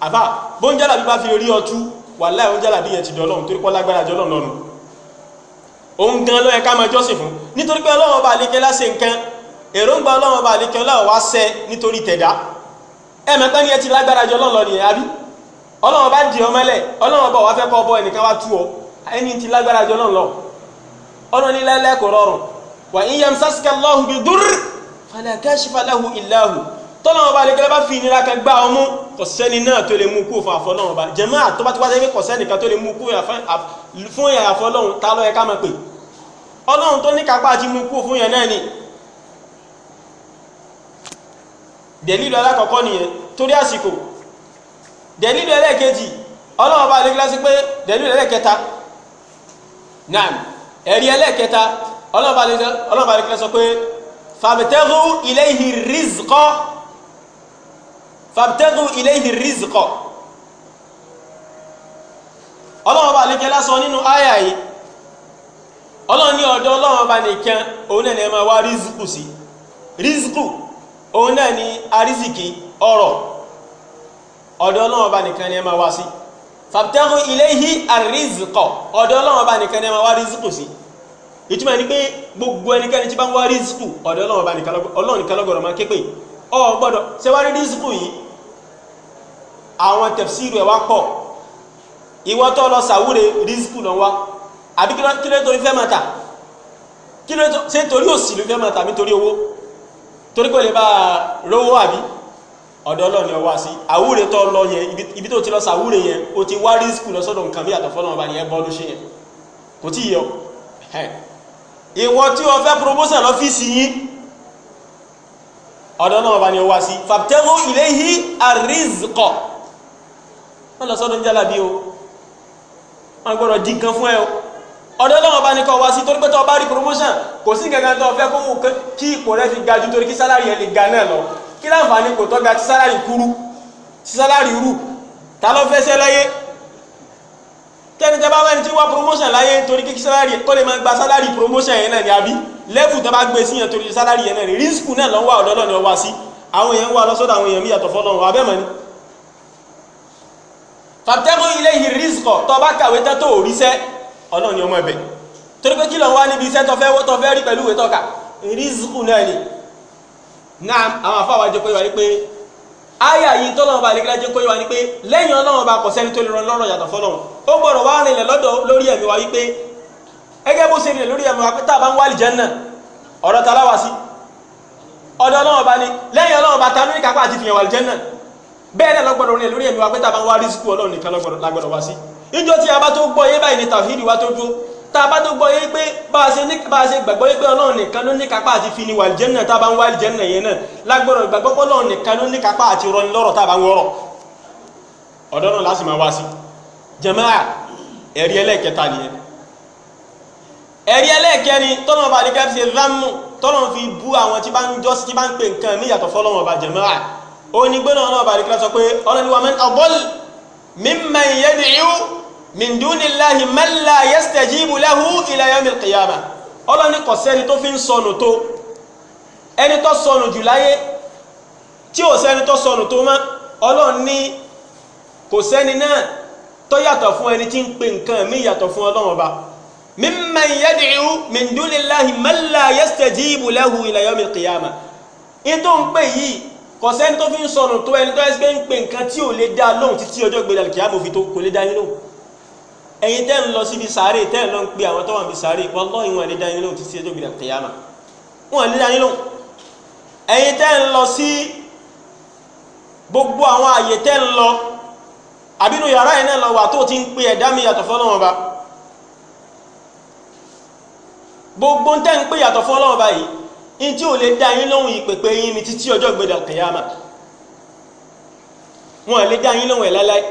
àbá bó ń bá fi rí ọ tú wallahi ó ń yẹn ti di ẹ mọ̀ pé ní ẹ ti lágbára jọ lọ́lọ́ nìyẹn àbí ọlọ́run bá dì ọ mọ́lẹ̀ ọlọ́run bá wà fẹ́ kọ́ bọ́ ẹnìkan wá tú ọ ẹni ti lágbára jọ lọ́lọ́ ọlọ́run ní lẹ́lẹ́ kò rọrùn wà ń yẹm sásìkà lọ́hù bí dúró fala kashifa lahu illa hu tọ́lọ́run bá lẹ́kẹ́lẹ́ bá fi ìnira kan gbá ọmú kò sẹ́ni náà tó lè mú kú fún àfọlọ́run dẹ̀lílù alákọ̀ọ́kọ́ nìyẹn torí àsìkò dẹ̀lílù ẹlẹ́ẹ̀kejì ọlọ́run bá lékelá sí pé dẹ̀lílù ẹlẹ́ẹ̀kẹta naam ẹ̀rí ẹlẹ́ẹ̀kẹta ọlọ́run bá lékelá sọ pé fàbtẹ́gù ilayhi rizqa fàbtẹ́gù ilayhi rizqa ọlọ́run bá lékelá sọ nínú àyà yìí ọlọ́run ní ọ̀dọ̀ ọlọ́run bá nìkan òun náà òun náà ni arísìkí ọrọ̀ ọ̀dọ̀ ọlọ́run ọba nìkan ni ẹ máa wá sí fàbítẹ́kù ilayhi àrísìkọ̀ ọ̀dọ̀ ọlọ́run ọba nìkan ni ẹ máa wá rísìkù sí ìtumọ̀ ni pé gbogbo ẹnikẹ́ni tí bá ń wá rísìkù ọ̀dọ̀ ọlọ́run ọba nìkan lọ́gọ̀rọ̀ máa ké pè ọ gbọ́dọ̀ ṣe wá rí rísìkù yìí àwọn tẹ̀fsíìrù ẹ̀ wá pọ̀ ìwọ tó lọ sàwúre rísìkù lọ wá àbí kí ló torí fẹ́ máa tà kí ló ṣe torí òṣì ló fẹ́ máa tà mí torí owó torí kò lè bá rówó àbí ọ̀dọ̀ ọlọ́run ọwá sí àwúre tó lọ yẹn ibi tó ti lọ sàwúre yẹn o ti wá rísíkù lọ sọ́dọ̀ nǹkan bí àtọ̀fọ́lọ́ ọba nìyẹn bọ́ ló ṣe yẹn kò tí ì yọ ìwọ tí o fẹ́ promotion lọ́fíìsì yín ọ̀dọ̀ náà ọba ni ọwá sí fàbtẹ́wò ilé hí àrísìkọ̀ wọ́n lọ sọ́dọ̀ ń jálàbí o wọ́n gbọ́dọ̀ dín kan fún ẹ o ọ̀dọ̀ lọ́wọ́ bá ní kọ́ wá sí torí pé tó bá rí promotion kò sí gangan tó fẹ́ kó kí ipò rẹ fi ga ju torí kí sálárì ẹ lè ga náà lọ kí láǹfààní kò tọ́ga tí sálárì kúrú tí sálárì rú ta ló fẹ́ láyé tẹ́ni tẹ́ bá wẹ́ni tí wá promotion láyé torí kí sálárì tó lè máa gba sálárì promotion yẹn náà ni àbí level tó bá gbé sí yẹn torí sálárì yẹn náà rí risk náà lọ́wọ́ ọ̀dọ̀ lọ́ni ọwá sí àwọn èèyàn wà lọ́sọ́dọ̀ àwọn èèyàn mí yàtọ̀ fọ́lọ́run abẹ́mọ̀ ni fàtẹ́kùn ilé yìí risk tó bá kàwé tẹ́tọ̀ òríṣẹ́ ọlọ́run ni ọmọ ẹ̀bẹ̀ torí pé kí lọ wá níbi iṣẹ́ tọfẹ́ tọfẹ́ rí pẹ̀lú ìwé tọ́ka rízùkù náà ni náà àwọn afọ àwọn àjẹkọyọ ni pé àyà yìí tọ́lọ́run bá lẹ́gbẹ́lá jẹ́kọyọ ni pé lẹ́yìn ọlọ́run bá kọ̀ sẹ́ni tó lè ran lọ́rọ̀ yàtọ̀ fọlọ́run ó gbọ́dọ̀ wá rìnlẹ̀ lọ́dọ̀ lórí ẹ̀mí wa wípé gẹ́gẹ́ bó ṣe rìnlẹ̀ lórí ẹ̀mí wa pé tá a bá ń wá àlìjẹ́ náà ọ̀rọ̀ ta láwa sí ọ̀dọ̀ ọlọ́run bá ní lẹ́yìn ọlọ́run bá ta ní kápá àti fìyàn wà àlìjẹ́ náà bẹ́ẹ̀ náà lọ́gbọ́dọ̀ rìnlẹ̀ lórí ẹ̀mí wa pé tá a bá ń wá rísíkù ọlọ́run nìkan lọ́gbọ́dọ̀ níjọ́ tí a bá tó gbọ́ yé báyìí ni tàwíìdì wa tó dúró tá a bá tó gbọ́ yé pé bá a ṣe ní bá a ṣe gbàgbọ́ yé pé ọlọ́run nìkan ló ní kápá àti fini wà lìjẹ́ náà tá a bá ń wá lìjẹ́ náà yẹn náà lágbọ́dọ̀ gbàgbọ́ pé ọlọ́run nìkan ló ní kápá àti rọni lọ́rọ̀ tá a bá ń wọ́rọ̀ ọ̀dọ́ náà láti máa wá sí jàmáà ẹ̀rí ẹlẹ́ẹ̀kẹta nìyẹn ẹ̀rí ẹlẹ́ẹ̀kẹrin tọ́nà bá dikẹ́ fi rámù tọ́nà fi bú àwọn tí bá ń jọ́sí tí bá ń pè nǹkan ní ìyàtọ̀ fọ́lọ́wọ̀n bá jàmáà ó ní gbẹ́nà ọlọ́ọ̀bá dikẹ́ sọ pé ọlọ́ni wa man adall mimman yad'u min dunillahi man la yastajibu lahu ila yawmil qiyamah ọlọ́ni kò sẹ́ni tó fi ń sọnù tó ẹni tó sọnù jù láyé tí ò sẹ́ni tó sọnù tó mọ́ ọlọ́ni kò sẹ́ni náà tó yàtọ̀ fún ẹni tí ń pe nǹkan mí yàtọ̀ fún ọlọ́run ọba mimman yad'u min dunillahi man la yastajibu lahu ila yawmil qiyamah in tó ń pè yìí kò sẹ́ni tó fi ń sọnù tó ẹni tó ẹ́ pé ń pe nǹkan tí ò lè dá lóhùn títí ọjọ́ gbèrè àlùkìyàmọ̀ fi tó kò lè dá yín lóhùn ẹ̀yin tẹ́ ń lọ síbi sàárè tẹ́ ń lọ ń pe àwọn tó wà níbi sàárè wallahi wọn lè dá yín lóhùn títí ọjọ́ gbèrè àlùkìyàmọ̀ wọn lè dá yín lóhùn ẹ̀yin tẹ́ ń lọ sí gbogbo àwọn àyè tẹ́ ń lọ àbínú yàrá yẹn náà lọ wà tó ti ń pe ẹ̀dá mi yàtọ̀ fọ́lọ́wọ́n in tí ò lè dá yín lóhùn ìpèpè yín ni títí ọjọ́ ìgbéda kìyàmà wọn lè dá yín lóhùn ẹ̀ láláì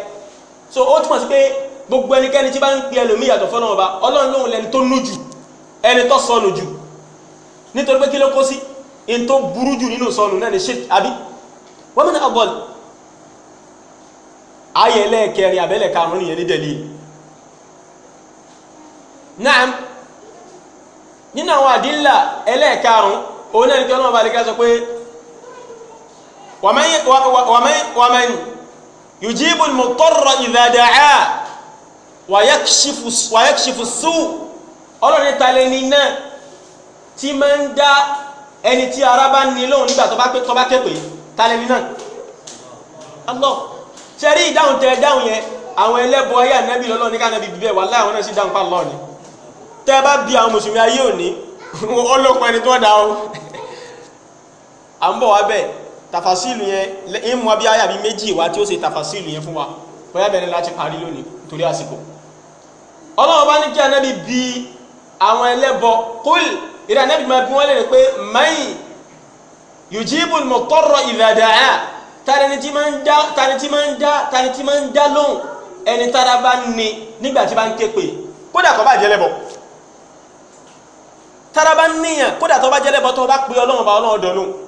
so ó túmọ̀ sí pé gbogbo ẹnikẹ́ni tí bá ń pe ẹlòmíì yàtọ̀ fọ́nà ọba ọlọ́run lóhùn lẹni tó nú jù ẹni tó sọnù jù nítorí pé kí ló kó sí in tó burú jù nínú sọnù náà ni ṣe àbí wọ́n mẹ́ta àgbọ̀lù ayé ẹlẹ́ẹ̀kẹrin àbẹ́lẹ̀ karùn-ún nìyẹn ní dẹ̀lí náà nínú àwọn àdínlà ẹlẹ́ẹ̀karùn-ún òun náà ní kí ọlọ́run bá lè ká sọ pé wàmẹ́n yujibu al-mutarra idha da'a wa yakshifu as-su ọlọ́run ta lé ní náà tí máa ń dá ẹni tí ara bá ní lóhun nígbà tó pé tó bá képe ta ní náà Allah ṣe rí ìdáhùn tẹ dáhùn yẹn àwọn ẹlẹ́bọ ayé ànábì lọ́lọ́ ní kánàbì bíbẹ̀ wà láwọn náà sì dáhùn pa lọ́ọ̀ni tẹ́ bá bí àwọn mùsùlùmí ayé òní ọlọ́pàá ẹni tó dá à ń bọ̀ wá bẹ̀ tàfàsílù yẹn ń mọ bí àyà bí méjì wá tí ó ṣe tàfàsílù yẹn fún wa bóyá bẹ̀rẹ̀ láti parí lónìí torí àsìkò ọlọ́run bá ní kí anábì bi àwọn ẹlẹ́bọ kúl ìrẹ́ anábì máa bí wọ́n lè pé mayin yujibu mọ̀tọ́rọ̀ ìdàdàá tani tí máa ń dá tani tí máa ń dá tani tí máa ń dá lóhùn ẹni tára bá ní nígbà tí bá ń ké pè kódà kó bá jẹ́ lẹ́bọ tára bá níyàn kódà tó bá jẹ́ lẹ́bọ tó bá pè ọlọ́run bá ọlọ́run dọ̀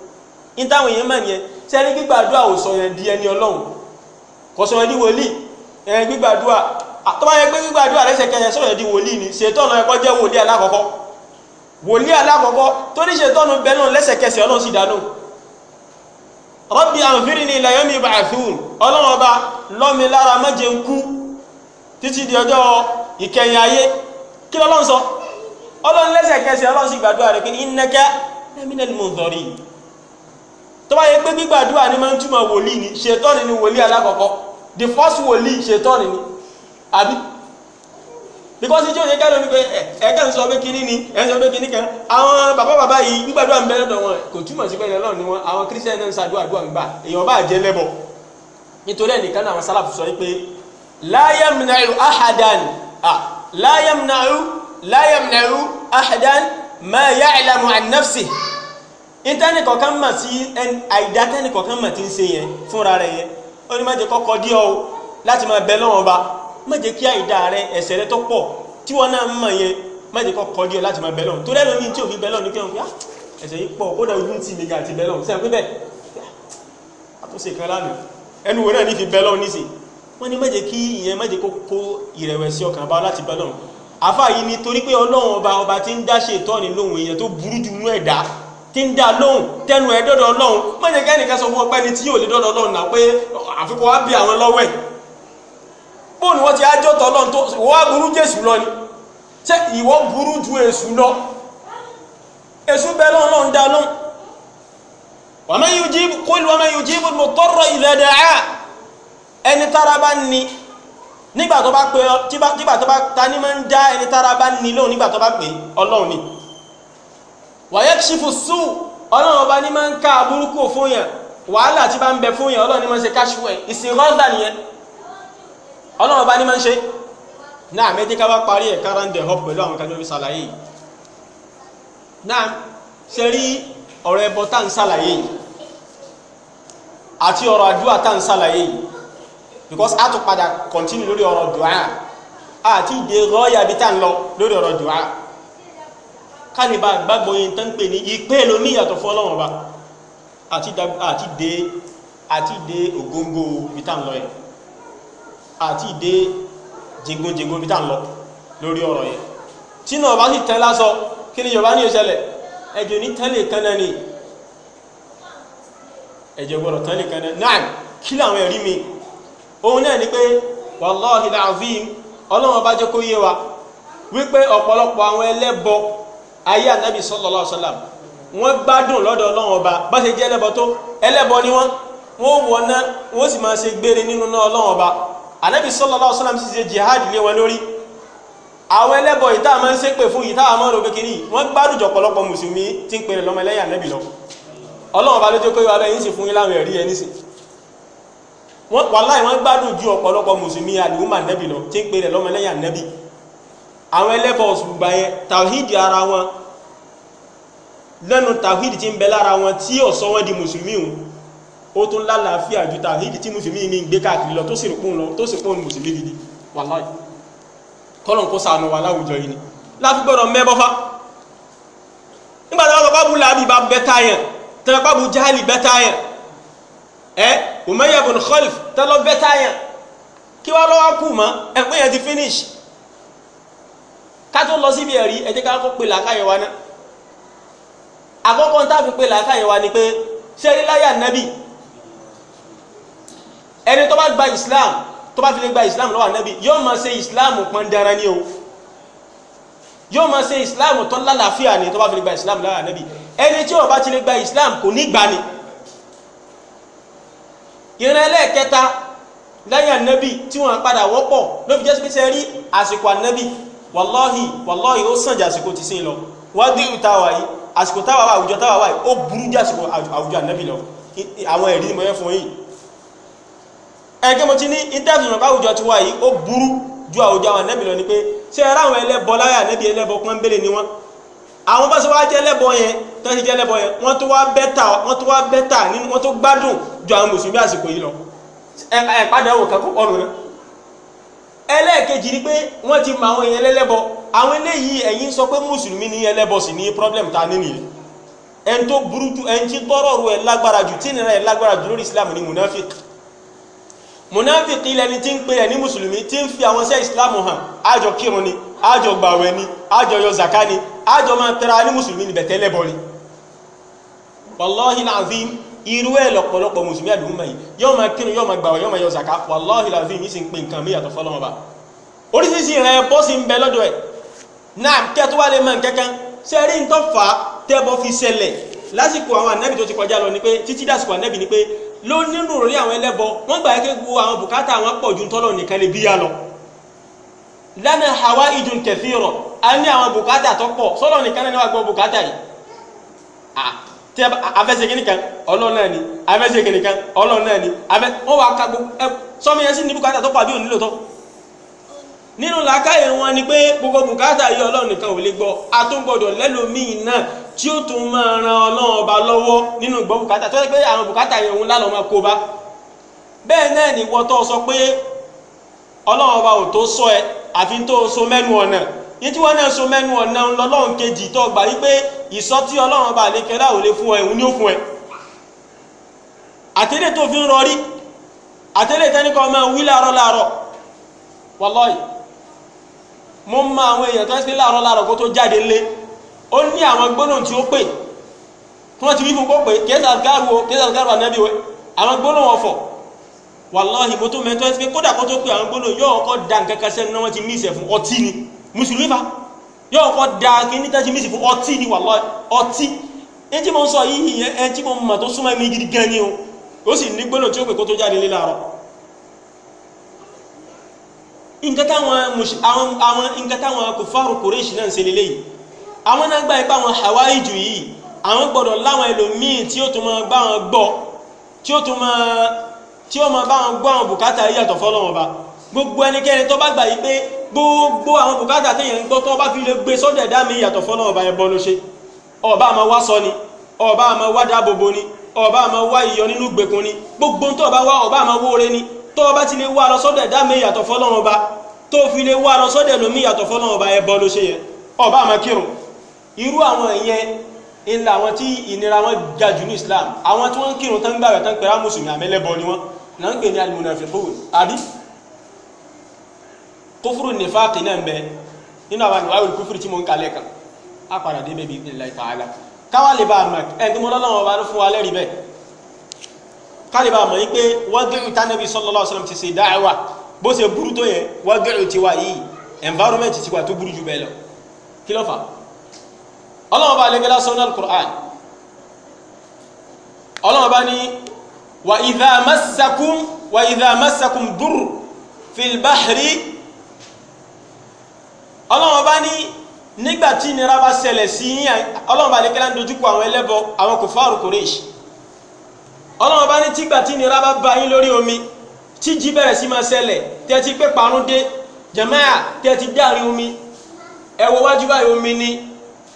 ní táwọn èèyàn mọ̀ nìyẹn sẹ́ni gbígbàdúrà ò sọ yẹn di ẹni ọlọ́run kò sọ yẹn di wòlíì ẹ̀yẹn gbígbàdúrà àtọ́wá yẹn pé gbígbàdúrà lẹ́sẹ̀kẹsẹ̀ sọ yẹn di wòlíì ni ṣètọ́nù ẹ̀kọ́ jẹ́ wòlíì alákọ̀ọ́kọ́ wòlíì alákọ̀ọ́kọ́ tó ní ṣètọ́nù bẹ́ẹ̀ náà lẹ́sẹ̀kẹsẹ̀ ọlọ́run sì dánú rabbi anfirini ila yomi ba'athun ọlọ́run ọba lọ́mi lára má jẹ́ n kú títí di ọjọ́ ìkẹyìn ayé kí lọ́lọ́run sọ ọlọ́run lẹ́sẹ̀kẹsẹ̀ ọlọ́run sì gbàdúrà rẹ̀ pé innaka laminal mundharin tó bá yẹ pé gbígbàdúrà ní máa ń túmọ̀ wòlíì ni ṣètọ́ni ni wòlíì alákọ̀ọ́kọ́ the first wòlíì ṣètọ́ni ni àbí because ijó yẹn kẹ́lọ́ ni pé ẹ̀ẹ́kẹ́ ń sọ pé kínní ni ẹ̀ ń sọ pé kínní kan àwọn bàbá bàbá yìí gbígbàdúrà ń bẹ lọ́dọ̀ wọn kò túmọ̀ sí pé ìlẹ̀ náà ni wọn àwọn kírísítẹ́nì náà ń ṣàdúrà dúà gbígbà èèyàn bá jẹ́ lẹ́bọ nítorí ẹnìkan náà àwọn sálàfù sọ pé la yamna'u ahadan la yamna'u ahadan ma ya'lamu an nafsihi intanet kọ̀ọ̀kan mà sí àìdá tẹ́nì kọ̀ọ̀kan mà ti ń ṣe yẹn fúnra rẹ̀ yẹn ó ní má jẹ́ kọ́kọ́ dí ọ láti máa bẹ lọ́wọ́n ba má jẹ́ kí àìdá rẹ ẹ̀ṣẹ̀ rẹ tó pọ̀ tí wọ́n náà mọ̀ yẹn má jẹ́ kọ́kọ́ dí ọ láti máa bẹ lọ́wọ́n torí ẹlòmí tí òfin bẹ lọ́wọ́n ní kéwọn fi ah, ẹ̀ṣẹ̀ yìí pọ̀ kódà ojú ń tì mí ga àti bẹ lọ́wọ́n sẹ́yìn pé bẹ́ẹ̀ àtúnṣe ah, kan lánàá ẹnu wo náà ní fi bẹ lọ́wọ́n níṣe wọ́n ní má jẹ́ kí ìyẹn má jẹ́ kó kó ìrẹ̀wẹ̀sì ọkàn bá láti bẹ lọ́wọ́n àfáà yìí ni torí pé ọlọ́run ọba ọba ti ń dá ṣètọ́ lóhun èèyàn tó burú jù nú ẹ̀dá tí ń dá lóhùn tẹnu ẹ dọ́dọ̀ ọlọ́run má jẹ́ kẹ́nìkan sọ fún ọpẹ́ ni tí yóò lè dọ́dọ̀ ọlọ́run náà pé àfikún wá bí àwọn lọ́wọ́ ẹ̀ bóun wọ́n ti ájọ́ tọ́ ọlọ́run tó wọ́n wá burú jésù lọ ni ṣé ìwọ burú ju èṣù lọ èṣù bẹ́ẹ̀ lọ́run náà ń dá lóhùn wàmí yóò jí kúlù wàmí yóò jí mo tọrọ ilẹ̀ dẹ̀ á ẹni tára bá ní nígbà tó bá pè nígbà tó bá ta ni máa ń dá ẹni tára bá ní lóhùn nígbà tó bá pè ọlọ́run ni wàyẹ́kṣífù sùn ọlọ́run ọba ní máa ń ká burúkú fún yẹn wàhálà tí bá ń bẹ fún yẹn ọlọ́run ní máa ń ṣe káṣífù ẹ̀ ìsìn nìyẹn ọlọ́run ọba ní máa ń ṣe náà ká parí ẹ̀ hop pẹ̀lú àwọn kájọ́ fi ṣàlàyé náà ṣe rí ọ̀rọ̀ ẹbọ tá ń ṣàlàyé àti ọ̀rọ̀ àdúrà tá ń ṣàlàyé a tún padà continue lórí ọ̀rọ̀ dùá àti ìdè rọ́ọ̀yà bí tá kálíbà gbàgbọ́ yẹn tán pè ní ìpè lómi ìyàtọ̀ fọ́lọ́run ọba àti dé àti dé ògóńgó bí tá ń lọ yẹn àti dé jẹgúnjẹgún bí tá ń lọ lórí ọ̀rọ̀ yẹn tí náà bá sì tẹ́ lásọ kí ni yorùbá ní ìṣẹ̀lẹ̀ ẹjọ́ ní tẹ́lẹ̀ kan ni ẹjọ́ gbọ́dọ̀ tẹ́lẹ̀ kan náà náà kí làwọn ẹ̀rí mi òun náà ni pé wallahi alazim ọlọ́run ọba jẹ́ kó yé wa wípé ọ̀pọ̀lọpọ̀ àwọn ẹlẹ́bọ ayé anabi sallallahu alaihi wasallam wọ́n gbádùn lọ́dọ̀ Ọlọ́run ọba bá ṣe jẹ́ ẹlẹ́bọ tó ẹlẹ́bọ ni wọ́n wọ́n wọ̀ ná wọ́n sì máa ṣe gbére nínú náà Ọlọ́run ọba anabi sallallahu alaihi wasallam sì ṣe jihad lé wọn lórí àwọn ẹlẹ́bọ yìí tá a máa ń ṣépè fún yìí tá a máa ń ro kékeré yìí wọ́n gbádùn jọ̀pọ̀lọpọ̀ mùsùlùmí tí ń pèrè lọ́mọ ẹlẹ́yà anabi lọ Ọlọ́run ọba ló jẹ́ pé wàá bẹ́ẹ̀ yín sì fún yín láwọn ẹ̀rí ẹ̀ nísìn wọ́n wàláì wọ́n gbádùn ju ọ̀pọ̀lọpọ̀ mùsùlùmí àlùmọ̀ nẹ́bì lọ tí ń pè rẹ̀ lọ́mọ lẹ́yìn nẹ́bì àwọn ẹlẹ́bọ̀ ọ̀sùgbà yẹn tàwíìdì ara wọn lẹ́nu tawhid tí ń bẹ lára wọn tí ó sọ wọ́n di mùsùlùmí hun ó tún lálàáfíà ju tawhid tí mùsùlùmí mi ń gbé káàkiri lọ tó sì pọ́n lọ tó sì pọ́n mùsùlùmí gidi wàláì kọ́lọ̀n kó sànù wà láwùjọ yìí ni láti gbọ́dọ̀ mẹ́bọ́fá nígbà tí wọ́n sọ bábù làbí bá bẹ́tà yẹn tẹ́lẹ̀ bábù jáàlì bẹ́tà yẹn ẹ́ Umayya bun Khalif tẹ́lọ́ bẹ́tà yẹn kí wá lọ́wọ́ kù mọ́ ẹ̀pẹ́ yẹn ti finish ká tó lọ síbi ẹ̀rí ẹ̀jẹ̀ ká kọ́ pè làkàyẹ̀wá náà àkọ́kọ́ tá a fi pé làákàyè wa ni pé ṣé rí láyà nẹ́bì ẹni tó bá gba Islam tó bá fi lè gba Islam lọ́wọ́ nẹ́bì yóò máa ṣe Islam pọn dandan ni o yóò máa ṣe Islam tó lálàáfíà ni tó bá fi lè gba Islam lọ́wọ́ nẹ́bì ẹni tí ó bá ti lè gba Islam kò ní gbà ni ìran ẹlẹ́ẹ̀kẹta lẹ́yìn ànábì tí wọ́n padà wọ́pọ̀ ló fi jẹ́sí pẹ́sẹ̀ rí àsìkò ànábì wàláhì wàláhì ó sànjà àsìkò ti sí lọ wádìí ìtawà yìí àsìkò táwa wà àwùjọ táwa wà ó burú jẹ́ àsìkò àwùjọ ànábì lọ àwọn ẹ̀rí mọ̀ ẹ́ fún yìí ẹgbẹ́ mo ti ní ìtẹ́fì mọ̀ báwùjọ ti wà yìí ó burú ju àwùjọ àwọn ànábì lọ ni pé ṣé ẹ ráwọn ẹlẹ́bọ láyà ànábì ẹlẹ́bọ pọ́nbélé ni wọ́n àwọn bá ṣe wá jẹ́ ẹlẹ́bọ yẹn tó ṣe jẹ́ ẹlẹ́bọ yẹn wọ́n tó wá bẹ́tà nínú wọ́n tó gbádùn ju àwọn mùsùlùmí àsìkò yìí lọ ẹ padà wò kankó ọ̀run náà ẹlẹ́ẹ̀kejì ni pé wọ́n ti mọ àwọn èèyàn lẹ́lẹ́bọ àwọn eléyìí ẹ̀yin sọ pé mùsùlùmí ní ẹlẹ́bọ sì ní problem ta nínú yìí ẹni tó burú jù ẹni tí tọrọ rú ẹ lágbára jù tí nira ẹ lágbára jù lórí islam ni munafik munafik ilẹ̀ ni ti ń pe ẹ̀ ní mùsùlùmí ti ń fi àwọn sẹ́ islam hàn àjọ kírun ni àjọ gbàwẹ̀ ni àjọ yọ zaka ni àjọ máa tẹra ní mùsùlùmí níbẹ̀ tẹ́lẹ̀ bọ́ ni wallahi alazim irú ẹ̀ lọ̀pọ̀lọpọ̀ mùsùlùmí àlùmọ̀ yìí yóò máa kírun yóò máa gbàwọ̀ yóò máa yọ zaka wàláhì làzim yìí sì ń pe nǹkan mí yàtọ̀ fọlọ́mọ bá oríṣiríṣi ìran ẹ bọ́ sí ń bẹ lọ́dọ̀ ẹ̀ náà kẹ́ tó wá lè mọ nǹkankan ṣe rí nǹkan fà á tẹ́bọ̀ fi ṣẹlẹ̀ lásìkò àwọn ànábì tó ti kọjá lọ ni pé títí dàsìkò ànábì ni pé ló nínú orí àwọn ẹlẹ́bọ wọ́n gbà kí gbogbo àwọn bùkátà àwọn pọ̀ ju tọ́lọ̀ nìkan lè bíyà lọ lánàá hawa idun kẹfì rọ a ní àwọn bùkátà tó pọ̀ sọ́lọ̀ nìkan ní wàá bùkátà yìí ah, tí a fẹ́ ṣe kíní kan ọlọ́run náà ni a fẹ́ kan ọlọ́run náà ni a fẹ́ wọ́n wá kagbó ẹ sọmi yẹn sí ní bùkátà tó pàbí òní lòótọ́ nínú làákàyè wọn ni pé gbogbo bùkátà yìí ọlọ́run nìkan ò lè gbọ́ a tún gbọ́dọ̀ lẹ́lòmíì náà tí ó tún máa ran ọlọ́run ọba lọ́wọ́ nínú ìgbọ́ bùkátà tó yẹ pé àwọn bùkátà yẹn òun lálọ́ máa kó bá bẹ́ẹ̀ náà ni wọ́n tó sọ pé ọlọ́run ọba ò tó sọ ẹ àfi tó so mẹ́nu ọ̀nà yìí tí wọ́n náà so mẹ́nu ọ̀nà lọ́lọ́run kejì tó gbà wípé ìsọ tí ọlọ́run bá lè kẹ́lá ò lè fún ẹ òun ní ó fún ẹ àtẹ́lẹ̀ tó fi ń rọrí àtẹ́lẹ̀ tẹ́nìkan ọmọ wí láàárọ̀ láàárọ̀ wọlọ́yìí mo mọ àwọn èèyàn tó ń pè láàárọ̀ láàárọ̀ kó tó jáde lé ó ní àwọn gbólóhùn tí ó pè tí wọ́n ti wí fún kó pè kéésà gáàrú o pé kódà kó tó pè àwọn gbólóhùn yóò mùsùlùmí fa yóò kọ́ da kíní tẹ́sí mísì fún ọtí ni wallahi ọtí ní tí mo ń sọ yìí ìyẹn ẹni tí mo mọ̀ tó súnmọ́ mi gidi gan ni o ó sì ní gbólóhùn tí ó pè kó tó jáde lé láàárọ̀ nǹkan táwọn àwọn nǹkan táwọn kòfàrù kòrèṣì náà ń ṣe lélẹ́yìí àwọn náà gbá ipá àwọn hawaii jù yìí àwọn gbọ́dọ̀ láwọn ẹlòmíì tí ó tún máa bá wọn gbọ́ tí ó tún máa tí ó máa bá wọn gbọ́ àwọn bùkátà yíyàtọ̀ fọ́lọ́wọ́n ba gbogbo ẹnikẹ́ni tó bá gbà yí pé gbogbo àwọn bùkátà téèyàn ń gbọ́ tó bá fi lè gbé sọ́dọ̀ ẹ̀dá mi yàtọ̀ fọ́nà ọba ẹ̀bọ ló ṣe ọba àmọ́ wá sọ ni ọba àmọ́ wá dáàbòbò ni ọba àmọ́ wá ìyọ nínú gbèkùn ni gbogbo tó ọba wá ọba àmọ́ wóore ni tó ọba ti lè wá lọ sọ́dọ̀ ẹ̀dá mi yàtọ̀ fọ́nà ọba tó fi lè wá lọ sọ́dọ̀ ẹ̀lómi yàtọ̀ fọ́nà ọba ẹ̀bọ ló ṣe yẹn Islam àwọn tí wọ́n ń kírun tán gbàgbà tán pẹ̀lú àmùsùlùmí àmẹ́lẹ́bọ ni wọ́n kófúrú nífàkì náà ń bẹ nínú àwọn àwọn àwọn kófúrú tí mo ń kalẹ̀ kan á padà dé bẹ́ẹ̀ bí ilẹ̀ ta'ala káwá lè bá a mọ̀ ẹ̀ tí mo lọ́nà wọn bá ń fún wa lẹ́rìí bẹ́ẹ̀ ká lè bá a mọ̀ yín pé wágẹ́rù tánàbí sallallahu alaihi wasallam ti ṣe dáhàwá bó ṣe burú tó yẹn wágẹ́rù tiwa yìí environment tiwa tó burú jù bẹ́ẹ̀ lọ kí ló fà á ọlọ́wọ́n bá lè gẹ́lá sọ́nà al-Qur'an ọlọ́wọ́n bá ní wa idha massakum wa idha massakum dur fil bahri ọlọ́run bá ní nígbà tí ìnira bá ṣẹlẹ̀ sí yín ọlọ́run bá lékelá ń dojúkọ àwọn ẹlẹ́bọ àwọn kòfáàrù kòrèṣì ọlọ́run bá ní tígbà tí ìnira bá ba yín lórí omi tíjì bẹ̀rẹ̀ sí máa ṣẹlẹ̀ tẹ́tí pé parun dé jẹ̀máyà tẹ́tí dáàrin omi ẹ̀wọ̀ wájú báyìí omi ni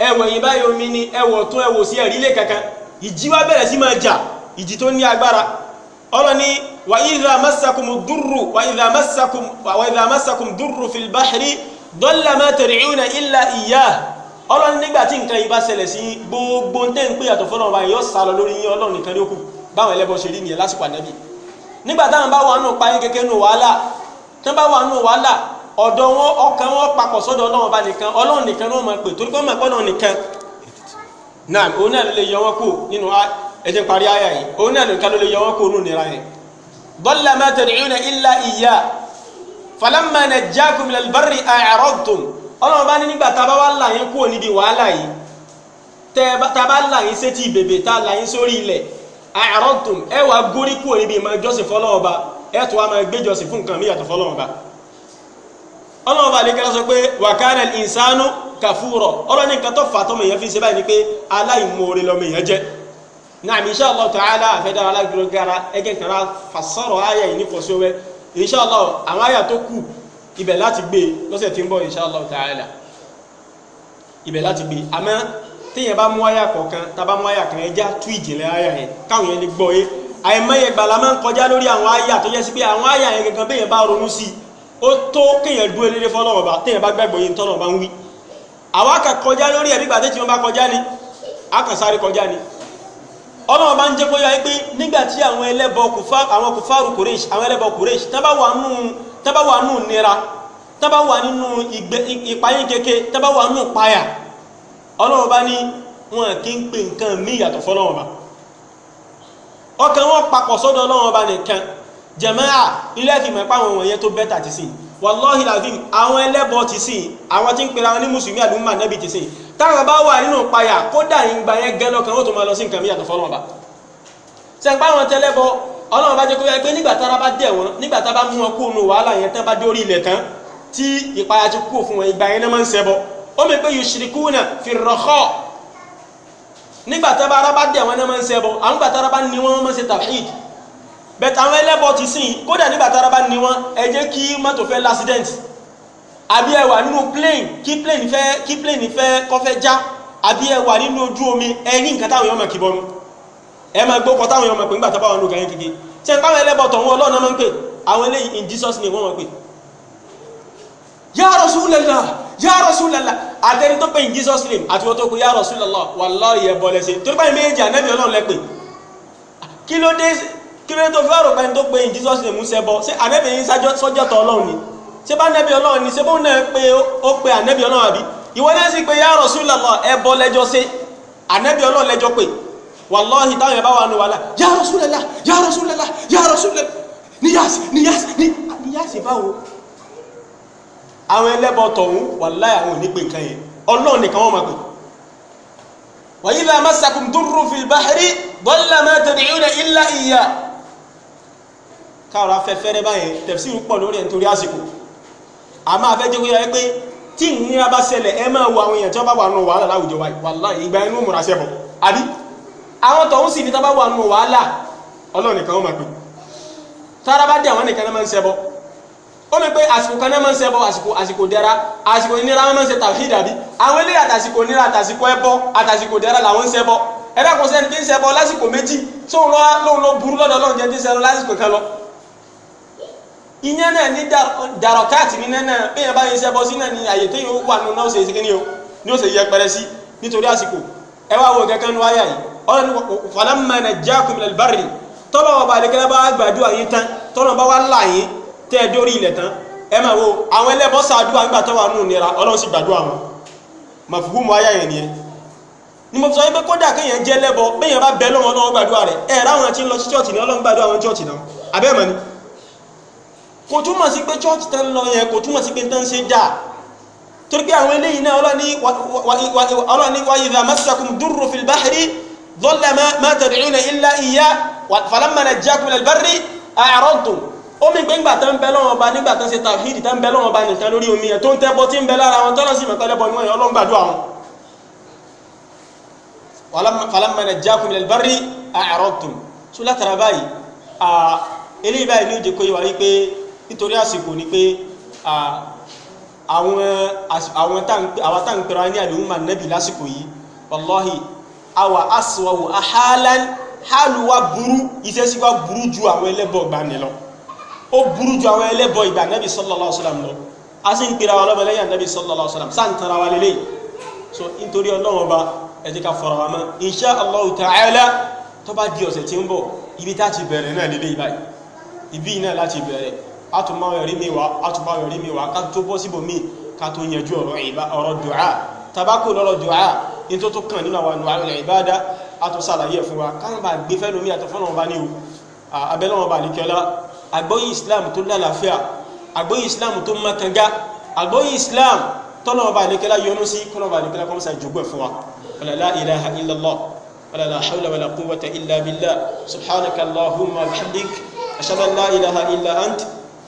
ẹ̀wọ̀ ẹ̀yìn báyìí omi ni ẹ̀wọ̀ tún ẹ̀wọ̀ sí ẹ̀rí lè kankan ìjì wá bẹ̀rẹ̀ sí máa jà ìjì tó ní agbára ọlọ́ni wàyí ìdá masakum dúrù wàyí ìdá masakum dúrù fil dọ́là máa tẹ̀rẹ̀ ìrìnà ìlà ìyá ọlọ́run nígbà tí nǹkan yìí bá ṣẹlẹ̀ sí gbogbo tẹ́ ń pè yàtọ̀ fọlọ́run báyìí yóò sá lọ lórí yín ọlọ́run nìkan ló kù báwọn ẹlẹ́bọ ṣe rí nìyẹn lásìkò ànábì nígbà táwọn bá wà nù páyín kékeré nù wàhálà tí bá wà nù wàhálà ọ̀dọ̀ wọn ọkàn wọn papọ̀ sọ́dọ̀ ọlọ́run nìkan ló máa pè falamma najjakum ilal barri a'radtum ọlọ́run bá ní nígbà tá a bá wá là yín kúrò níbi wàhálà yìí tẹ́ tá a bá là yín sétí bèbè tá a là yín sórí ilẹ̀ a'radtum ẹ wà górí kúrò níbi ìmọ̀ ìjọsìn fọlọ́ọ̀ba ẹ tó wá máa gbé ìjọsìn fún nǹkan míyàtọ̀ fọlọ́ọ̀ba ọlọ́run bá lè kẹ́lá sọ pé wa kana al-insanu kafuro ọlọ́run ní nǹkan tó fà fi ṣe ni pé aláìmoore lọ́mọ èèyàn jẹ́ náà insha Allah ta'ala àfẹ́dára alágbèrè gara ẹgẹ́ kan fasọ́rọ̀ ayé yìí ní kọ́sọ́wẹ́ inshallah àwọn àyà tó kù ibẹ̀ láti gbé lọ́sẹ̀ tí ń bọ̀ inshallah ta'ala ibẹ̀ láti gbé àmọ́ téèyàn bá mú àyà kọ̀ọ̀kan tá a bá mú àyà kan ẹja tú ìjìnlẹ̀ àyà yẹn káwọn yẹn lè gbọ́ yé àìmọye gbàlá máa ń kọjá lórí àwọn àyà tó yẹ sí pé àwọn àyà yẹn gangan béèyàn bá ronú sí i ó tó kéèyàn dúró lédè fọlọ́wọ́ bá téèyàn bá gbàgbọ́ yé tọ́lọ́ bá ń wí àwa kà kọjá lórí ẹ̀bí gbàdé tí wọ́n bá kọjá ni a sáré kọjá ni ọlọ́run bá ń jẹ́ kóyá pé nígbà tí àwọn ẹlẹ́bọ kùfá àwọn kùfáàrù kùrèṣ àwọn ẹlẹ́bọ kùrèṣ tábà wà nù tábà wà nù nira tábà wà nínú ìpayín keke tábà wà nù páyà ọlọ́run bá ní wọn kì í pe nǹkan mí ìyàtọ̀ fọlọ́run bá ọkàn wọn papọ̀ sọ́dọ̀ ọlọ́run bá nìkan jẹ̀mẹ́à ilé ìfìmọ̀ ẹ̀pá àwọn wọ̀nyẹn tó bẹ́tà ti sìn wàlọ́hìlàdín àwọn ẹlẹ́bọ ti sìn àwọn tí ń pera wọn ní mùsùlùmí àdúgbò táwọn bá wà nínú ìpayà kódà ìgbà yẹn gẹ́ lọ́kàn ó tó máa lọ sí nǹkan míyàtọ̀ fọlọ́run bá sẹ́ńpá àwọn tẹ́lẹ́bọ ọlọ́run bá jẹ́ kó yẹ pé nígbà tára bá dẹ̀ wọ́n nígbà tá bá mú wọn kú ònú wàhálà yẹn tán bá dé orí ilẹ̀ tán tí ìpayà ti kú fún wọn ìgbà yẹn náà máa ń ṣẹbọ ó mi pé yushrikuna fi rọ̀kọ́ nígbà tára bá bá dẹ̀ wọ́n náà máa ń ṣẹbọ àwọn gbà tára bá ní wọ́n máa ń ṣe tawhid bẹ̀tẹ̀ àwọn ẹlẹ́bọ ti sìn kódà nígbà tára bá ní wọ́n ẹ jẹ́ kí mọ́tò fẹ́ lásídẹ́ǹtì àbí ẹ wà nínú plane kí plane fẹ́ kí plane fẹ́ kọ́ fẹ́ já àbí ẹ wà nínú ojú omi ẹ ní nǹkan táwọn èèyàn máa kì bọnu ẹ máa gbókọ táwọn èèyàn máa pè nígbà tó bá wọn lò kéke ṣe ń pàwọn ẹlẹ́bọ̀ tọ̀hún ọlọ́run náà máa ń pè àwọn eléyìí in Jesus name wọ́n máa pè ya Rasulullah ya Rasulullah àtẹni tó pè in Jesus name àti wọ́n tó kú ya Rasulullah wallahi ẹ̀bọ lẹ́sẹ̀ torí báyìí méjì ànẹ́bí ọlọ́run lẹ́pẹ̀ kí ló dé tó fẹ́ rò tó pè in Jesus name ń sẹ́bọ ṣé ànẹ́bí yín sọ́jọ́ tọ́ ṣé bá nẹ́bí ọlọ́run ni ṣé bó náà pé ó pe ànẹ́bí ọlọ́run àbí ìwọ náà sì pé ya Rasulullah ẹbọ lẹ́jọ́ sí ànẹ́bí ọlọ́run lẹ́jọ́ pé wallahi táwọn ẹ̀ bá wà nù wàhálà ya Rasulullah ya Rasulullah ya Rasulullah níyàsí níyàsí níyàsí báwo àwọn ẹlẹ́bọ tọ̀hún wallahi àwọn òní pé nǹkan yẹn ọlọ́run nìkan wọ́n máa pè wa idha massakum durrun fil bahri dalla ma tad'una illa iya a máa fẹ́ jẹ́ kó yára pé tí ìnira bá ṣẹlẹ̀ ẹ máa wo àwọn èèyàn tí wọ́n bá wà nù wàhálà láwùjọ wa wàláhì ìgbà inú múra ṣẹbọ àbí àwọn tọ̀hún sì ní tá bá wà nù wàhálà ọlọ́run nìkan ó máa pè tára bá dé àwọn nìkan náà máa ń ṣẹbọ ó mi pé àsìkò kan náà máa ń ṣẹbọ àsìkò àsìkò dẹra àsìkò ìnira wọn máa ń ṣe tàwíìdì àbí àwọn eléyà àtàsìkò ìnira àtàsìkò ẹbọ àtàsìkò dẹra làwọn ń ṣẹbọ ẹ̀dá kò sẹ́ni tí ń ṣẹbọ lásìkò méjì tóun lọ́wọ́ lóun ló burú lọ́dọ̀ ọlọ́run jẹ́ tí ń ṣẹbọ lásìkò kan lọ ìyẹn náà ní dàrọ̀káàtì ní náà bí yẹn bá yẹn ṣe bọ́ sí náà ní àyè tó yẹn wà nínú náà ṣe ṣe kí ni o ní ó ṣe yẹ pẹrẹ sí nítorí àsìkò ẹ wá wo kankan nu ayà yìí ọ̀rọ̀ ní falamma najjakum ilal barri tọ́lọ̀ ọba àlekẹ́lẹ́ bá gbàdúrà yín tán tọ́lọ̀ bá wà là yín tẹ́ ẹ dórí ilẹ̀ tán ẹ máa wo àwọn ẹlẹ́bọ́ sàdúrà nígbà tó wà nù nira ọlọ́run sì gbàdúrà wọn màfúhùmù ayà yẹn nìyẹn ni mo sọ pé kódà kéèyàn jẹ́ lẹ́bọ béèyàn bá bẹ lọ́wọ́ ọlọ́run gbàdúrà rẹ̀ ẹ̀ ráwọn tí ń lọ sí chọ́ọ̀tì ni ọlọ́run gbàdúrà wọn chọ́ọ̀tì náà abẹ́ẹ̀mọ́ ni kò túmọ̀ sí pé church tán lọ yẹn kò túmọ̀ sí pé tán ṣe jà torí pé àwọn eléyìí náà ọlọ́ni wa idha massakum durru fil bahri dhalla ma tad'una illa iya falamma najjakum ilal barri a'radtum omi gbé ńgbà tán bẹ lọ́wọ́ ọba nígbà tán ṣe tawhid tán bẹ lọ́wọ́ ọba nìkan lórí omi yẹn tó ń tẹ́bọ́ tí ń bẹ lára báyìí ní ó jẹ́ wípé nítorí àsìkò ni pé àwọn tá ń pera ní àdéhùnmá nẹ́bì lásìkò yìí wallahi àwa aswahu ahalan haluwa burú ìṣesí wa burú ju àwọn ẹlẹ́bọ ìgbà ni lọ ó burú ju àwọn ẹlẹ́bọ ìgbà nẹ́bì sallallahu alaihi wasallam lọ a sì ń pera wa lọ́mọlẹ́yìn nẹ́bì sallallahu alaihi so nítorí ọlọ́run ọba ẹ̀jẹ̀ ká fọ̀rọ̀ wa mọ́ insha Allah ta'ala tó bá di ọ̀sẹ̀ tí ń bọ̀ ibi tá láti bẹ̀rẹ̀ àtùmáwọn ẹ̀rí mi wá àtùmáwọn ẹ̀rí mi wá ká tó bọ́ síbò míì ká tó yanjú ọ̀rọ̀ ìbá ọ̀rọ̀ dùá tabako lọ́rọ̀ dùá ní tó tó kàn nínú àwọn àwọn ìbáadá àtúnṣàlàyé ẹ̀ fún wa ká bá gbé fẹ́ lómi àtọ́fọ́nà ọba ní o abẹ́lọ́wọ̀n bá nìkẹ́lá àgbọ́yé Islam tó lálàáfíà àgbọ́yé Islam tó mọ́kànga àgbọ́yé Islam tọ́lọ́wọ̀n bá nìkẹ́lá yọnu sí kọ́lọ́wọ̀n bá nìkẹ́lá kọ́mọ́sà jùgbọ́ fún wa la ilaha illallah ولا لا حول ولا قوة إلا بالله سبحانك اللهم وبحمدك أشهد أن لا إله إلا أنت